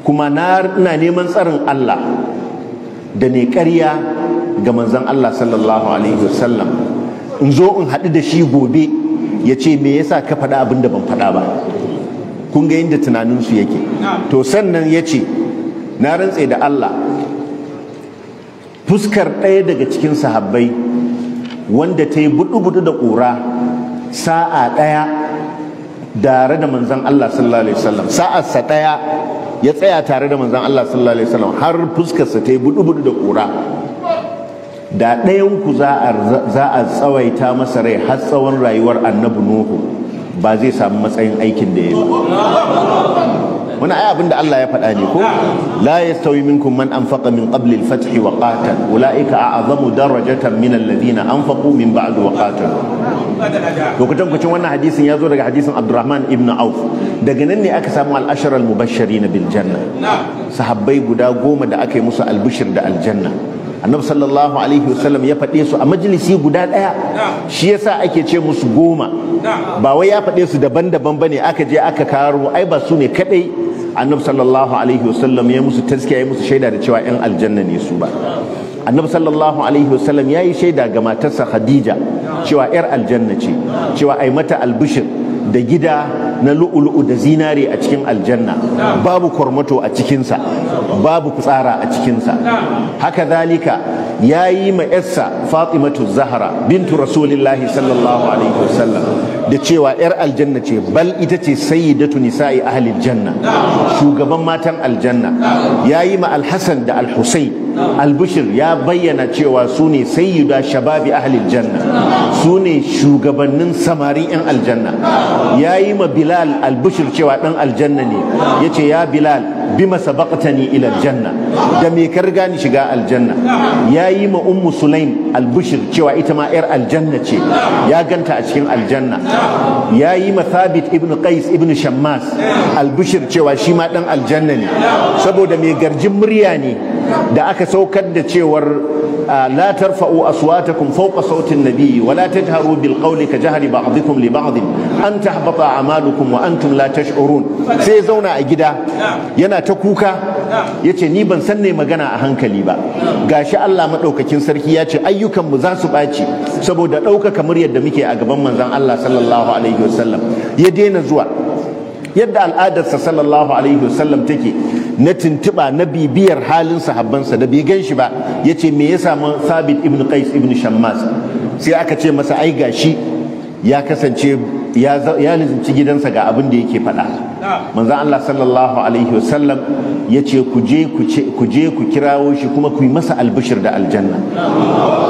kuma na neman tsarin Allah da ne ƙarya ga manzan Allah sallallahu alaihi wasallam in zo in haɗu da shi gobe ya ce me yasa ka faɗa abin da ban faɗa ba kun ga yadda tunaninsu yake to sannan ya ce na rantse da Allah fuskar ɗaya daga cikin sahabbai wanda ta yi buɗu-buɗu da ƙura sa'a ɗaya dare da manzan Allah sallallahu alaihi wasallam sa'arsa ɗaya ya tsaya tare da manzan Allah sallallahu alaihi wasallam har fuskarsa ta yi budu-budu da kura da ɗayan ku za a tsawaita masa rai har tsawon rayuwar annabi nuhu ba zai samu matsayin aikin da ya ba wani ayi abinda Allah ya faɗa ne ko la yastawi minkum man anfaqa min qabli al-fath wa qatal ulaika a'zamu darajatan min alladhina anfaqu min ba'd wa qatal lokacin kucin wannan hadisin ya zo daga hadisin Abdurrahman ibn Auf daga nan ne aka samu al-ashar al-mubashirin bil janna sahabbai guda goma da aka yi musu albishir da aljanna annabi sallallahu alaihi wasallam ya faɗe su a majalisi guda ɗaya shi yasa ake ce musu goma ba wai ya faɗe su daban-daban bane aka je aka karo ai ba su ne kadai. annabi sallallahu alaihi wasallam ya musu taskiya ya musu shaida da cewa yan aljanna ne su ba annabi sallallahu alaihi wasallam ya yi shaida ga matarsa khadija cewa yar aljanna ce cewa ai mata albushir da gida na lu'ulu'u da zinare a cikin aljanna babu kwarmato a cikinsa babu kutsara a cikinsa haka zalika ya yi ma yarsa fatimatu zahara bintu rasulillahi sallallahu alaihi wasallam da cewa yar aljanna ce bal ita ce sayyidatu nisa'i ahli janna shugaban matan aljanna yayi ma alhasan da alhusayn albushir ya bayyana cewa su ne sayyida shababi ahli janna su ne shugabannin samarin yan aljanna yayi ma bilal albushir cewa dan aljanna ne yace ya bilal bima sabaqtani ila aljanna da me ka riga ni shiga aljanna yayi ma ummu sulaim albushir cewa ita ma yar aljanna ce ya ganta a cikin aljanna yayi ma thabit ibn qais ibn shammas albushir cewa shi ma dan aljanna ne saboda me garjin murya ne da aka saukar da cewar لا ترفعوا أصواتكم فوق صوت النبي ولا تجهروا بالقول كجهر بعضكم لبعض أن تحبط أعمالكم وأنتم لا تشعرون سيزونا أجدا ينا تكوكا yace ni ban san ne magana a hankali ba gashi Allah madaukakin sarki ya ce ayyukan mu zasu ɓaci saboda ɗauka kamar yadda muke a gaban manzan Allah ya daina zuwa yadda al'adarsa sallallahu alaihi na tuntuɓa na bibiyar halin sahabbansa da bai gan shi ba ya ce me ya samu sabit ibn qais ibn shammas sai aka ce masa ai gashi ya kasance ya lizinci gidansa ga abin da yake faɗa manzo Allah sallallahu alaihi wasallam ya ce ku je ku je ku kirawo shi kuma ku yi masa albishir da aljanna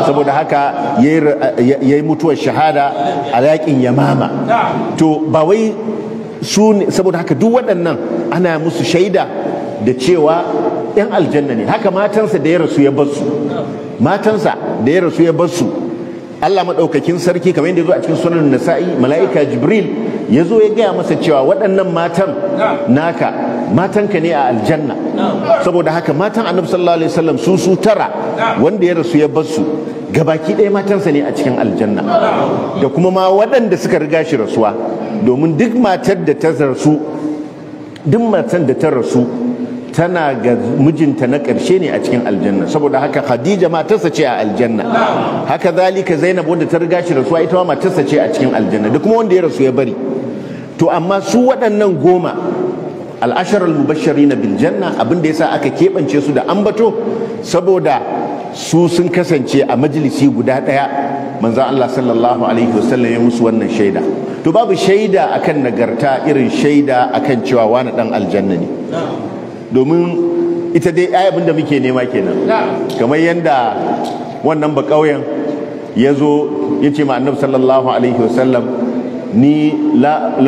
saboda haka ya yi mutuwar shahada a yakin yamama to ba wai su saboda haka duk waɗannan ana musu shaida da cewa yan aljanna ne haka matansa da ya rasu ya basu matansa da ya rasu ya basu Allah maɗaukakin sarki kamar yadda ya zo a cikin sunan nasa'i mala'ika jibril ya zo ya gaya masa cewa waɗannan matan naka matanka ne a aljanna saboda haka matan annabi sallallahu alaihi wasallam su su tara wanda ya rasu ya basu gabaki ɗaya matansa ne a cikin aljanna da kuma ma waɗanda suka riga shi rasuwa domin duk matar duk matan da ta rasu tana ga mijinta na ƙarshe ne a cikin aljanna saboda haka khadija matarsa ce a aljanna haka zalika zainab wanda ta riga shi rasuwa ita ma matarsa ce a cikin aljanna da kuma wanda ya rasu ya bari to amma su waɗannan goma al'ashar al-mubashari na biljanna abin da yasa aka keɓance su da ambato saboda su sun kasance a majalisi guda ɗaya manzan Allah sallallahu alaihi wasallam ya musu wannan shaida to babu shaida akan nagarta irin shaida akan cewa wani ɗan aljanna ne domin ita dai ai abinda muke nema kenan kamar yadda wannan ba ƙauyen ya zo ya ce ma sallallahu alaihi wasallam ni la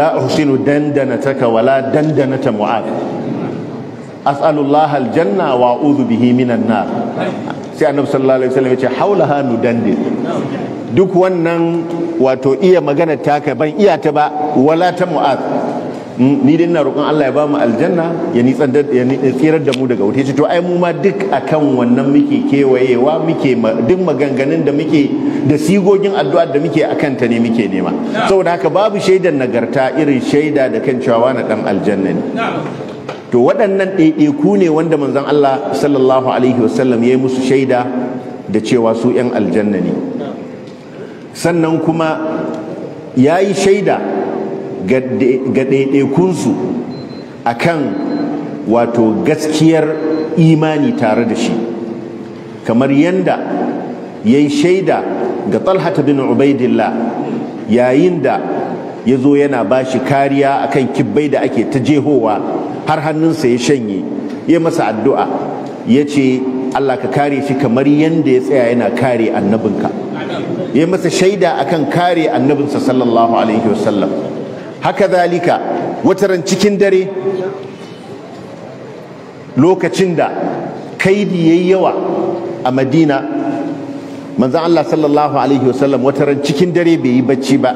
dandana ta kawala wala dandanata mu'ad as'alullah aljanna wa uzu bihi minan na sai annab sallallahu alaihi wasallam ya ce haulaha dande duk wannan wato iya magana taka ban iya ta ba wala ta mu'ad ni dai ina roƙon Allah ya ba mu aljanna ya nitsar da ya tsirar da mu daga wuta ce to ai mu ma duk akan wannan muke kewayewa muke duk maganganun da muke da sigogin addu'a da muke akan ta ne muke nema saboda haka babu shaidar nagarta irin shaida da kan cewa na dan aljanna ne to waɗannan ɗaiɗaiku ne wanda manzon Allah sallallahu alaihi wasallam ya yi musu shaida da cewa su 'yan aljanna ne sannan kuma ya yi shaida ga ɗaiɗaikunsu a kan wato gaskiyar imani tare da shi kamar yadda ya yi shaida ga talhata bin ubaidillah yayin da ya zo yana ba shi kariya akan kibbai da ake ta jehowa har hannunsa ya shanye ya masa addu'a ya ce Allah ka kare shi kamar yadda ya tsaya yana kare annabinka ya masa shaida akan kare annabinsa sallallahu alaihi wasallam haka zalika wataran cikin dare lokacin da kaidi yi yawa a madina manzan allah sallallahu alaihi wasallam wataran cikin dare bai yi bacci ba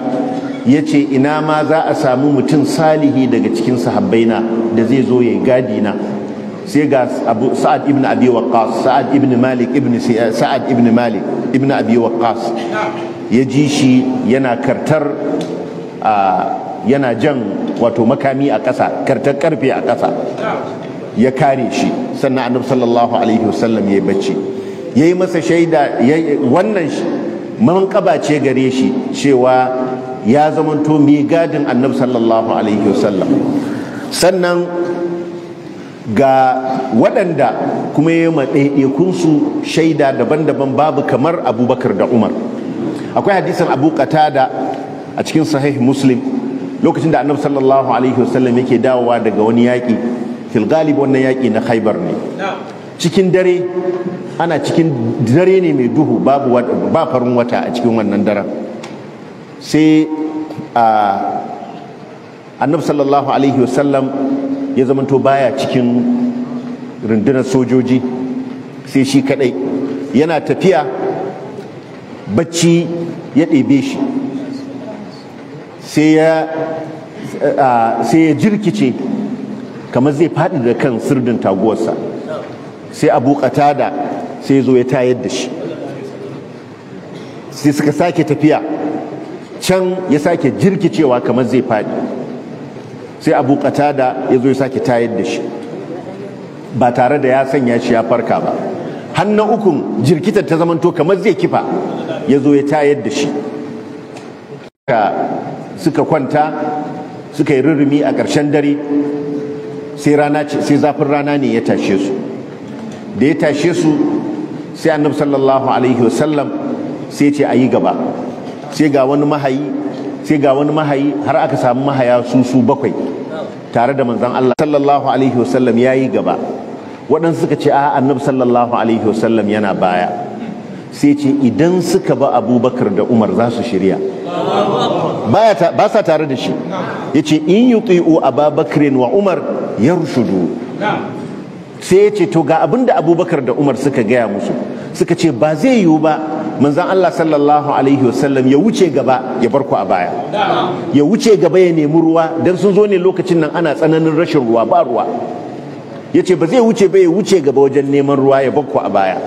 ya ce ina ma za a samu mutum salihi daga cikin sahabbaina da zai zo ya yi gadi na sai ga sa'ad ibn abi waqas sa'ad ibn malik ibn eh, sa'ad ibn malik ibn abi waqas ya ji shi yana kartar a ah, yana jan wato makami a ƙasa kartar karfe a ƙasa ya kare shi sannan annabi sallallahu alaihi wasallam ya bacci ya yi masa shaida wannan manƙaba ce gare shi cewa ya zamanto mai gadin annabi sallallahu alaihi wasallam sannan ga waɗanda kuma ya su shaida daban-daban babu kamar abubakar da umar akwai hadisan abu da a cikin sahih muslim lokacin da annabi sallallahu alaihi wasallam yake dawowa daga wani yaƙi fil galib wannan yaƙi na khaybar ne cikin dare ana cikin dare ne mai duhu babu ba farin wata a cikin wannan daren sai annabi sallallahu alaihi wasallam ya zamanto baya cikin rundunar sojoji sai shi kadai yana tafiya bacci ya ɗebe shi sai ya jirkice kamar zai faɗi da kan sirdin taguwarsa sai abu da sai zo ya tayar da shi sai suka sake tafiya can ya sake jirkicewa kamar zai faɗi sai abu da ya zo ya sake tayar da shi ba tare da ya sanya shi ya farka ba hannun ukun jirkitar ta zamanto kamar zai kifa ya zo ya tayar da shi suka kwanta suka yi rurumi a ƙarshen dare sai rana ce sai zafin rana ne ya tashe su da ya tashe su sai annabi sallallahu alaihi wasallam sai ce a yi gaba sai ga wani mahayi sai ga wani mahayi har aka samu mahaya su su bakwai tare da manzan Allah sallallahu alaihi wasallam ya yi gaba waɗansu suka ce a annabi sallallahu alaihi wasallam yana baya sai ce idan suka ba abubakar da umar za su shirya ba sa tare da shi ya ce in yi ƙi'u ababakarin wa umar ya rushudu sai ya ce to ga abin da abubakar da umar suka gaya musu suka ce ba zai yiwu ba manzan Allah sallallahu alaihi wasallam ya wuce gaba ya bar ku a baya ya wuce gaba ya nemi ruwa don sun zo ne lokacin nan ana tsananin rashin ruwa ba ruwa ya ce ba zai wuce ba ya wuce gaba wajen neman ruwa ya bar ku a baya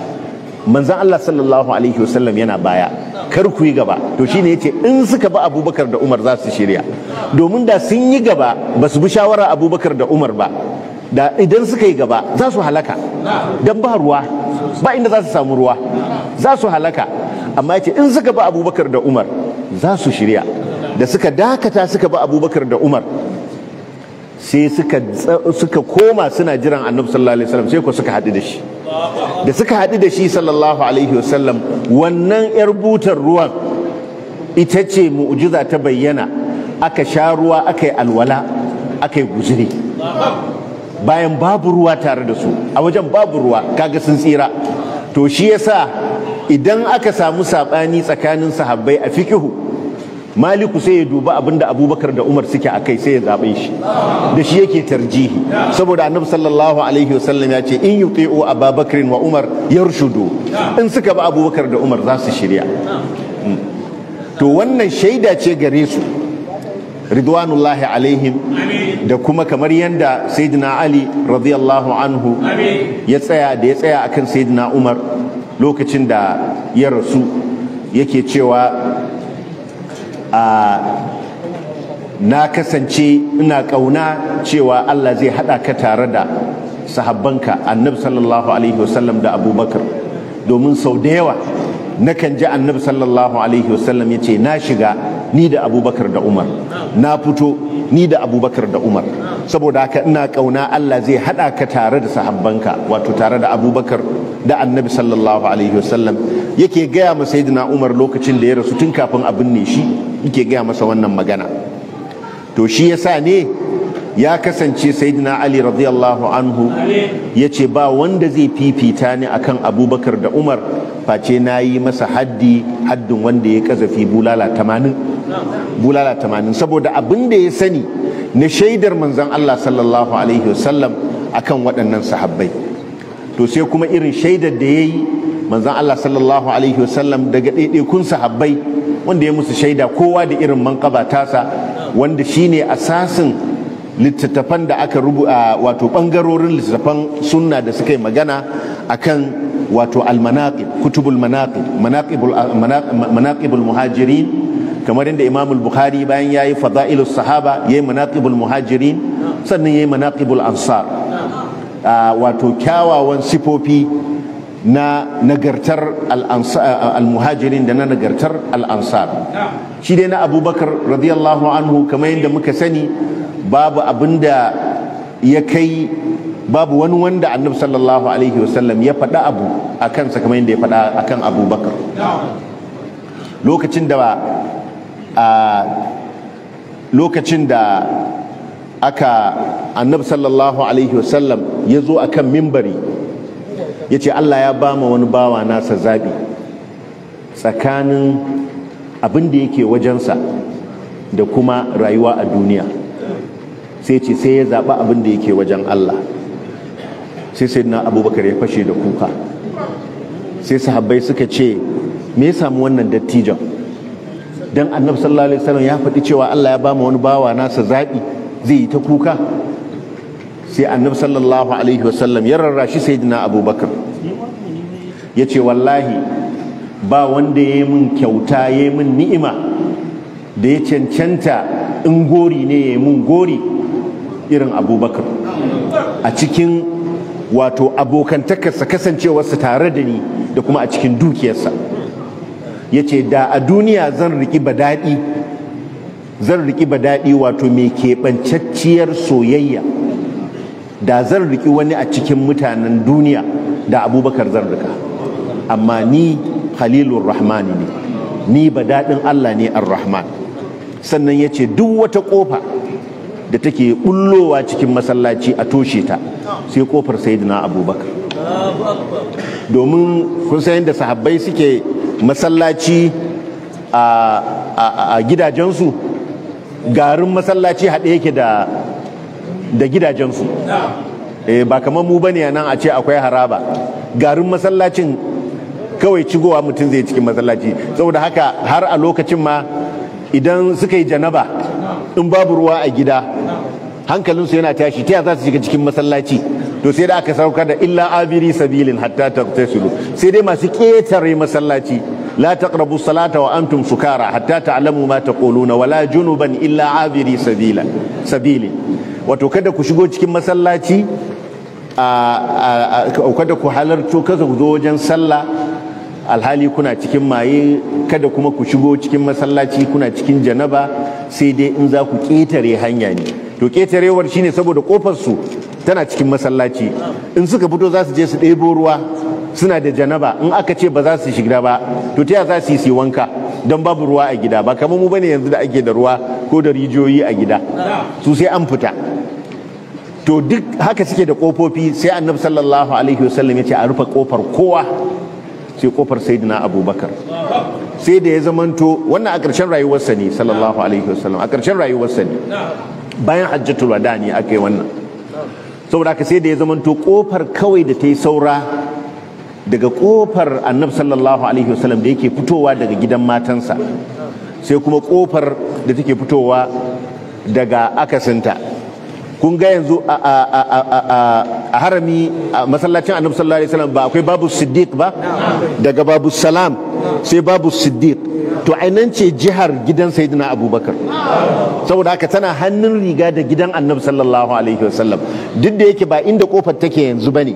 manzan Allah sallallahu alaihi wasallam yana baya kar ku yi gaba to shine yace in suka bi Abubakar da Umar za su shirya domin da sun yi gaba ba su bi shawara Abubakar da Umar ba da idan suka yi gaba za su halaka dan ba ruwa ba inda za su samu ruwa za su halaka amma yace in suka bi Abubakar da Umar za su shirya da suka dakata suka bi Abubakar da Umar sai suka koma suna jiran annabi sallallahu alaihi wasallam sai ko suka haɗu da shi da suka haɗu da shi sallallahu alaihi wasallam wannan yar butar ruwan ita ce mu'jiza ta bayyana aka sha ruwa aka yi alwala aka yi guzuri bayan babu ruwa tare da su a wajen babu ruwa kaga sun tsira to shi yasa idan aka samu saɓani tsakanin sahabbai a fikihu maliku sai ya duba abinda abubakar da umar suke a kai sai ya zaɓe shi da shi yake tarjihi saboda annabi sallallahu alaihi wasallam ya ce in yuti'u abubakar wa umar yarshudu in suka ba abubakar da umar za su shirya hmm. to wannan shaida ce gare su ridwanullahi alaihim da kuma kamar yadda sayyidina ali radiyallahu anhu ya tsaya da ya tsaya akan sayyidina umar lokacin da ya rasu yake cewa na kasance ina kauna cewa Allah zai haɗa ka tare da sahabbanka annabi sallallahu alaihi wasallam da abubakar domin sau da yawa kan ji annabi sallallahu alaihi wasallam ya ce na shiga ni da abubakar da umar na fito ni da abubakar da umar saboda haka ina kauna allah zai haɗa ka tare da sahabbanka wato tare da abubakar da annabi sallallahu alaihi wasallam yake gaya ma sayyidina umar lokacin da ya rasu tun kafin abin ne shi ke gaya masa wannan magana to shi ya sa ne ya kasance saidina ali radiyallahu anhu ya ce ba wanda zai fifita ni akan abubakar da umar face na yi masa haddi haddin wanda ya kazafi bulala tamanin saboda abin da ya sani na shaidar manzan allah sallallahu alaihi wasallam akan waɗannan sahabbai to sai kuma irin shaidar da ya yi manzan allah sallallahu alaihi wasallam daga ɗaiɗaikun sahabbai wanda ya musu shaida kowa da irin mankabatasa tasa wanda shine asasin littattafan da aka rubuta wato bangarorin littattafan sunna da suka yi magana akan wato almanaqib kutubul manaqib manaqibul muhajirin kamar yadda Imam bukhari bayan yayi fadailus sahaba yayi manaqibul muhajirin sannan yayi manaqibul ansar wato kyawawan sifofi na nagartar al-muhajirin da na nagartar al shi dai na abubakar radiyallahu anhu kamar yadda muka sani babu abinda ya kai babu wani wanda annabi sallallahu alaihi wasallam ya faɗa abu a kansa kamar yadda ya faɗa a kan abubakar lokacin da lokacin da aka annabi sallallahu alaihi wasallam ya zo a kan mimbari ya ce allah ya ba ma wani bawa nasa zaɓi tsakanin abin da yake wajensa da kuma rayuwa a duniya sai ce sai ya zaɓa abin da yake wajen allah sai sai na abubakar ya fashe da kuka sai sahabbai suka ce me ya samu wannan dattijan don annabi sallallahu alaihi ya faɗi cewa allah ya ba ma wani bawa nasa zaɓi zai yi ta kuka sai annabi sallallahu alaihi wasallam ya rarrashi sayyidina abubakar ya ce wallahi ba wanda ya yi min kyauta ya yi min ni'ima da ya cancanta in gori ne ya yi min gori irin abubakar a cikin wato abokantakarsa kasancewarsa tare da ni da kuma a cikin dukiyarsa ya ce da a duniya zan riki daɗi zan riki daɗi wato mai keɓancacciyar soyayya da zan riki wani a cikin mutanen duniya da abubakar zan rika amma ni khalilur rahmani ne ni ba daɗin allah ne ar-rahman sannan ya ce duk wata ƙofa da take bullowa cikin masallaci a toshe ta sai ƙofar sayyidina abubakar domin kun san yadda sahabbai suke masallaci a gidajensu garin masallaci haɗe yake da da gidajensu eh, ba kamar mu bane nan a ce akwai haraba garin masallacin kawai cigowa mutum zai cikin masallaci saboda haka har a lokacin ma idan suka yi janaba in babu ruwa a gida hankalinsu yana tashi ta za su shiga cikin masallaci to sai da aka saukar da illa abiri sabilin hatta tagtasilu sai dai masu ketare masallaci la taqrabu salata wa antum sukara hatta ta'lamu ma taquluna wala junuban illa abiri sabila sabilin wato kada ku shigo cikin masallaci a kada ku halarto kada ku zo wajen sallah alhali kuna cikin maye kada kuma ku shigo cikin masallaci kuna cikin janaba sai dai in za ku ƙetare hanya ne to ƙetarewar shine saboda kofar su tana cikin masallaci in suka fito za su je su ɗebo ruwa suna da janaba in aka ce ba za su shiga ba to ta za su yi wanka don babu ruwa a gida ba kamar mu bane yanzu da ake da ruwa ko da rijiyoyi a gida su sai an fita to duk haka suke da kofofi sai annabi sallallahu alaihi wasallam ya ce a rufe kofar kowa sai kofar sayyidina abubakar sai da ya zamanto wannan a ƙarshen rayuwarsa ne sallallahu alaihi wasallam a ƙarshen rayuwarsa ne bayan hajjatul wada ne aka yi wannan saboda haka sai da ya zamanto kofar kawai da ta yi saura daga kofar annabi sallallahu alaihi wasallam da yake fitowa daga gidan matansa sai kuma kofar da take fitowa daga akasinta kun ga yanzu a harami a masallacin annabi sallallahu alaihi wasallam ba akwai babu siddiq ba daga babu salam sai babu siddiq to nan ce jihar gidan sayyidina abubakar saboda haka tana hannun riga da gidan annabi sallallahu alaihi wasallam duk da yake ba inda kofar take yanzu bane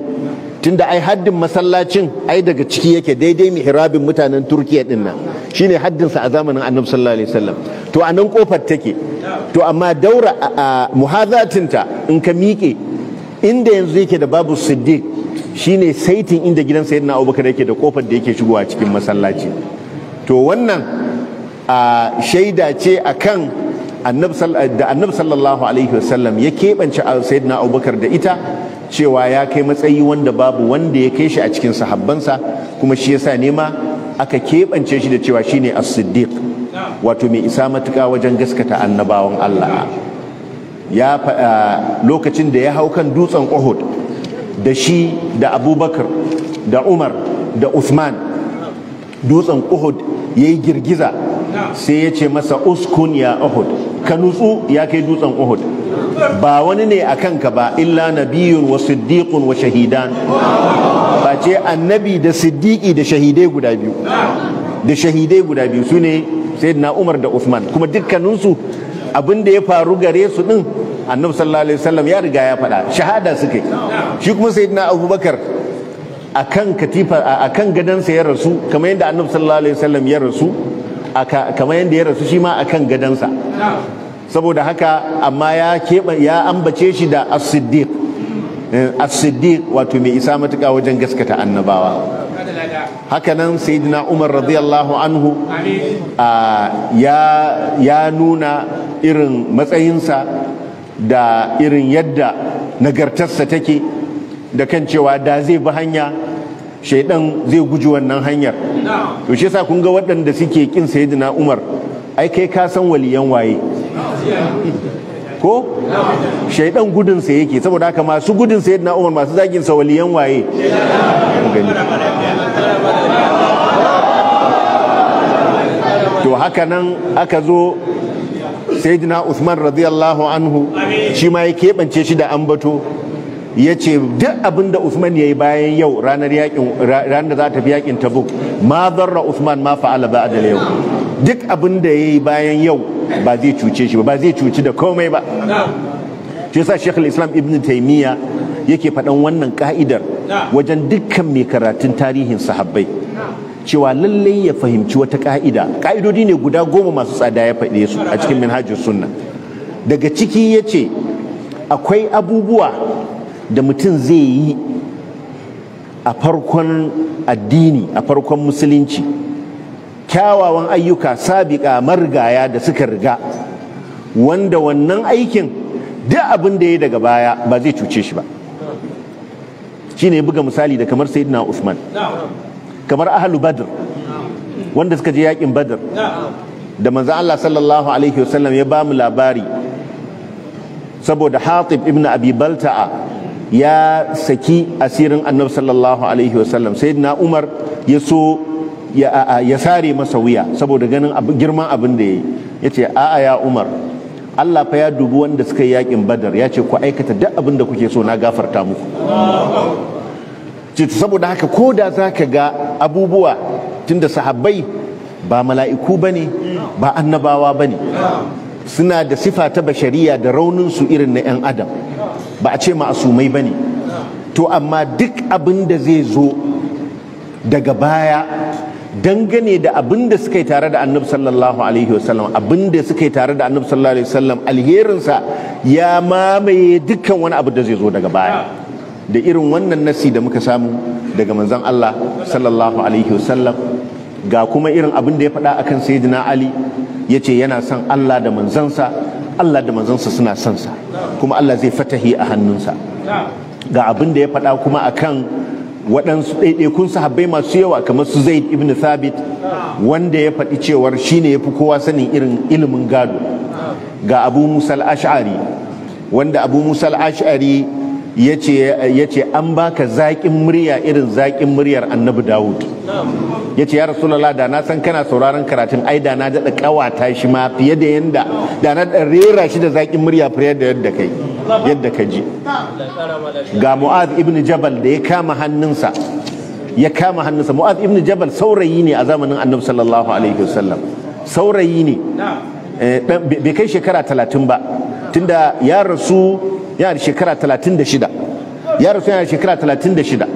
tunda ai haddin masallacin ai daga ciki yake daidai mihrabin mutanen turkiya din nan shine haddinsa a zamanin annabi sallallahu alaihi wasallam to a nan kofar take to amma daura muhazatinta in ka miƙe inda yanzu yake da babu siddiq shine saitin inda gidan sayyidina abubakar yake da kofar da yake shigowa cikin masallaci to wannan shaida ce akan da annabi sallallahu alaihi wasallam ya keɓance sayyidina abubakar da ita cewa ya kai matsayi wanda babu wanda ya kai shi a cikin sahabbansa kuma shi yasa nema aka keɓance shi da cewa shine as-siddiq wato mai isa matuka wajen gaskata annabawan Allah ya lokacin da ya hau kan dutsen Uhud da shi da Abubakar da Umar da Usman, dutsen Uhud yayi girgiza sai ya ce masa uskun ya Uhud ka nutsu ya kai dutsen Uhud ba wani ne a kanka ba illa nabiyun wa siddiqun wa shahidan ba ce annabi da siddiqi da shahidai guda biyu da shahidai guda biyu su ne sayyidina umar da uthman kuma dukkaninsu abin da ya faru gare su din annabi sallallahu alaihi wasallam ya riga ya faɗa shahada suke shi kuma sayyidina abubakar kan katifa kan gadansa ya rasu kamar yadda annabi sallallahu alaihi wasallam ya rasu kamar yadda ya rasu shi ma a kan gadansa saboda haka amma ya keɓa ya ambace shi da as-siddiq eh, as-siddiq wato mai isa matuka wajen gaskata annabawa Haka nan sayyidina umar radiyallahu anhu ya nuna irin matsayinsa da irin yadda nagartarsa take da kan cewa da zai bi hanya shaidan zai guji wannan hanyar to shi yasa kun ga waɗanda suke kin sayyidina Umar ai kai ka san waliyan waye ko shaidan gudun sa yake saboda haka masu gudun sa Umar masu zagin sa waye to haka nan aka zo sayyidina usman radiyallahu anhu shi ma ya keɓance shi da ambato ya ce duk abinda usman ya yi bayan yau ranar da za ta fi yakin tabuk ma zarra usman ma fa'ala a yau duk abinda da ya yi bayan yau ba zai cuce shi ba ba zai cuci da komai ba shi yasa shekul islam ibn taimiyya yake faɗan wannan ka'idar wajen dukkan mai karatun tarihin sahabbai cewa lallai ya fahimci wata ka'ida ka'idodi ne guda goma masu tsada ya faɗe su a cikin manhajar sunna daga ciki ya ce akwai abubuwa da mutum zai yi a farkon addini a farkon musulunci kyawawan ayyuka sabiƙa margaya da suka riga wanda wannan aikin duk abin da ya daga baya ba zai cuce shi ba shine ya buga misali da kamar sayyidina usman kamar ahalu badr wanda suka je yakin badr da manzo Allah sallallahu alaihi wasallam ya mu labari saboda hatib ibn abi balta'a ya saki asirin annabi sallallahu alaihi wasallam sayyidina umar ya so ya sare masa wuya saboda ganin girman abin da ya yi ya ce a'a ya umar Allah fa ya dubi wanda suka yi yakin badar ya ce ku aikata duk abin da kuke so na gafarta muku ce saboda haka ko da za ka ga abubuwa tunda sahabbai ba mala'iku ba ne ba annabawa ba ne suna da sifa ta bashariya da raunin su irin na 'yan adam ba a ce ma'asumai ba ne to amma duk abin da zai zo daga baya dangane da abin da suka yi tare da annabi sallallahu alaihi wasallam abin da suka yi tare da annabi sallallahu alaihi wasallam alherinsa ya mamaye dukkan wani abu da zai zo daga baya da irin wannan nasi da muka samu daga manzon Allah sallallahu alaihi wasallam ga kuma irin abin da ya faɗa akan sayyidina Ali yace yana son Allah da manzansa Allah da manzansa suna son sa kuma Allah zai fatahi a hannunsa ga abin da ya faɗa kuma akan waɗansu ɗaiɗaikun sahabbai masu yawa kamar su zaid ibn thabit wanda ya faɗi cewar shine ya fi kowa sanin irin ilimin gado ga abu musal ashari wanda abu musal ashari ya ce an baka zaƙin murya irin zaƙin muryar annabi dawud ya ce ya rasulallah da na san kana sauraron karatun ai da na daɗa ƙawata shi ma fiye da yanda da na rera shi da zaƙin murya fiye da yadda kai yadda ka ji ga mu'az ibn jabal da ya kama hannunsa ya kama hannunsa mu'az ibn jabal saurayi ne a zamanin annabi sallallahu alaihi wasallam saurayi ne eh, bai kai shekara talatin ba tunda ya rasu yana da shekara talatin da shida ya rasu yana da shekara talatin da shida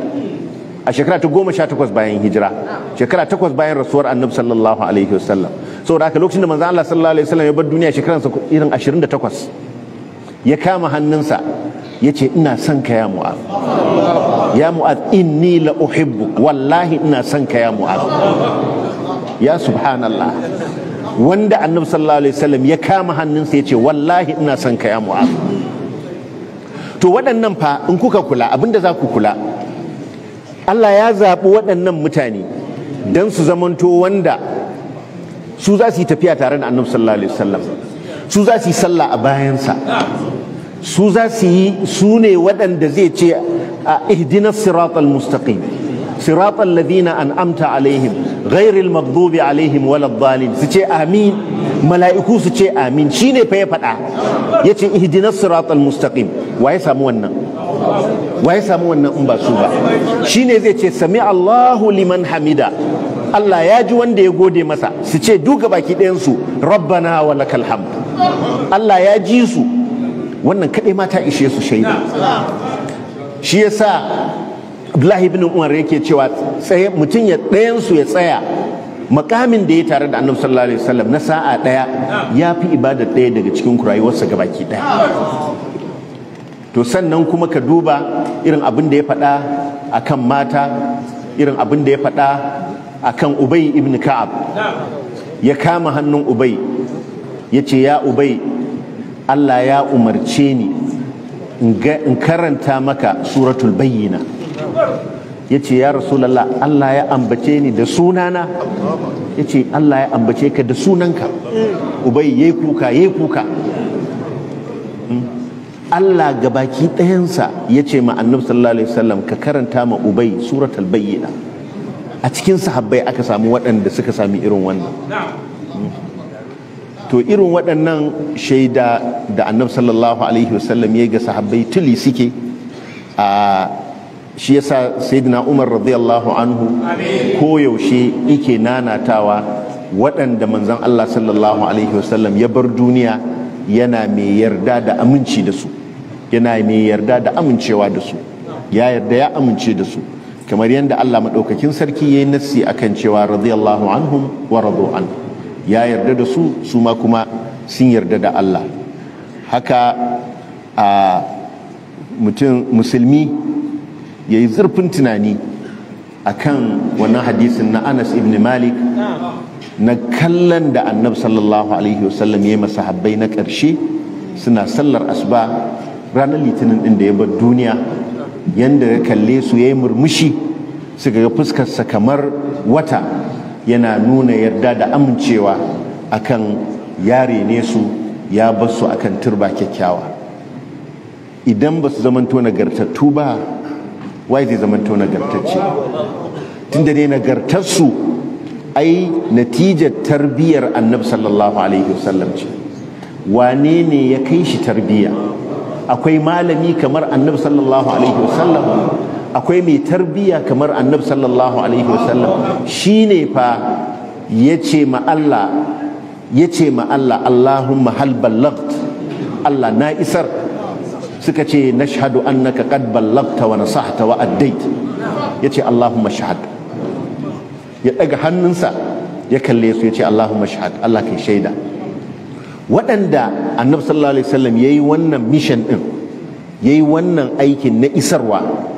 a shekara ta goma sha takwas bayan hijira shekara takwas bayan rasuwar annabi sallallahu alaihi wasallam saboda haka lokacin da manzo Allah sallallahu alaihi wasallam ya bar duniya shekaransa irin ashirin da takwas ya kama hannunsa ya ce ina son ka ya mu'az ya mu'az inni la uhibbu wallahi ina son ka ya mu'az ya subhanallah wanda annabi sallallahu alaihi wasallam ya kama hannunsa ya ce wallahi ina son ka ya mu'az to waɗannan fa in kuka kula abinda za ku kula Allah ya zaɓi waɗannan mutane don su zamanto wanda su za su yi tafiya tare da annabi sallallahu alaihi wasallam su za su yi sallah a bayansa su za su yi su ne waɗanda zai ce a ihdina siratal mustaqim siratal ladina amta alaihim ghairil maghdubi alaihim balin, su ce amin mala'iku su ce amin shine fa ya faɗa yace ihdina siratal mustaqim wa ya samu wannan wa ya samu wannan in ba su ba shine zai ce sami Allahu liman hamida Allah ya ji wanda ya gode masa su ce duka baki ɗayansu rabbana wa lakal hamd Allah ya ji su wannan kaɗai ma ta ishe su shaida shi yasa Abdullahi ibn Umar yake cewa tsaye mutum ya ɗayan su ya tsaya makamin da ya tare da annabi sallallahu alaihi wasallam na sa'a ɗaya ya fi ibadar ɗaya daga cikin kurayuwarsa gabaki ɗaya to sannan kuma ka duba irin abin da ya faɗa akan mata irin abin da ya faɗa akan Ubay ibn Ka'ab ya kama hannun Ubay Ya ce ya ubai Allah ya umarce ni in karanta maka suratul bayyina ce ya rasulullah Allah ya ambace ni da sunana ce Allah ya ambace ka da sunanka ubai ya kuka ya kuka hmm. Allah ga baki ɗayansa ya ce ma annabi sallallahu alaihi wasallam ka karanta ma ubai suratul bayyina a cikin sahabbai aka samu waɗanda suka sami irin wannan to irin waɗannan shaida da annab sallallahu alaihi wasallam ya ga sahabbai tuli suke a shi yasa sayyidina umar radiyallahu anhu koyaushe ike nanatawa waɗanda manzan allah sallallahu alaihi wasallam ya bar duniya yana mai yarda da aminci da su yana mai yarda da amincewa da su ya yarda ya amince da su kamar yadda allah maɗaukakin sarki ya yi nassi akan cewa radiyallahu anhum wa radu anhu ya yarda da su su ma kuma sun yarda da Allah haka a mutum musulmi ya yi zurfin tunani a kan wannan hadisin na anas ibn malik na kallon da annab sallallahu alaihi wasallam ya yi masahabbai na ƙarshe suna sallar asuba ranar litinin ɗin da ya bar duniya yadda ya kalle su ya yi murmushi suka ga fuskarsa kamar wata yana nuna yarda da amincewa akan yare ne su ya basu akan turba kyakkyawa idan ba su zamanto nagartattu ba wai zai zamanto nagartacce tunda ne nagartarsu ai natijar tarbiyar annabi sallallahu alaihi wasallam ce wane ne ya kai shi tarbiya akwai malami kamar annabi sallallahu alaihi wasallam akwai mai tarbiya kamar annab sallallahu alaihi wasallam ne fa ya ce ma Allah ya ce ma Allah Allahumma hal ballagt Allah na isar suka ce nashhadu annaka qad ballagta wa nasahta wa addait ya ce Allahumma shahad ya daga hannunsa ya kalle su ya ce Allahumma shahad Allah kai shaida waɗanda annab sallallahu alaihi wasallam yi wannan mission din yi wannan aikin na isarwa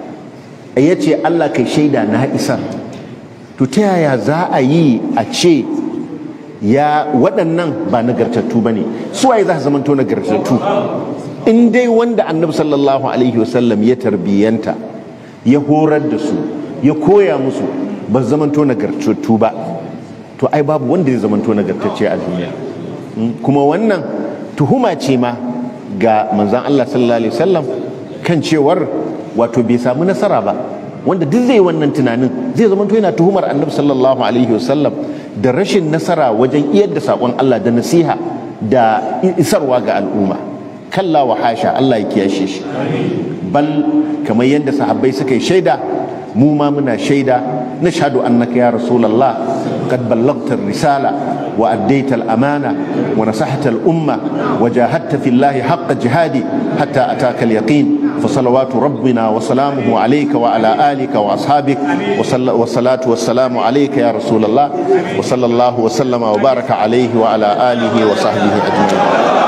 ya ce Allah kai shaida na isar to ta yaya za a yi a ce ya waɗannan ba nagartattu ba ne waye za a zamanto nagartattu in dai wanda annabi sallallahu alaihi wasallam ya tarbiyyanta ya horar da su ya koya musu ba zamanto nagartattu ba to ai babu wanda ya zamanto nagartacce a duniya hmm, kuma wannan tuhuma ce ma ga manzan Allah sallallahu alaihi wasallam kan cewar wato bai samu nasara ba wanda duk zai wannan tunanin zai zama yana tuhumar annabi sallallahu alaihi wasallam da rashin nasara wajen iyar da sakon Allah da nasiha da isarwa ga al'umma kalla wa hasha Allah ya kiyashe shi bal kamar yadda sahabbai suka yi shaida mu ma muna shaida na shahadu annaka ya rasulullah qad ballaghta risala wa addaita al-amana wa nasahata al-umma wa jahadta fillahi haqqa jihadi hatta ataka al-yaqin فصلوات ربنا وسلامه عليك وعلى آلك وأصحابك والصلاة والسلام عليك يا رسول الله وصلى الله وسلم وبارك عليه وعلى آله وصحبه أجمعين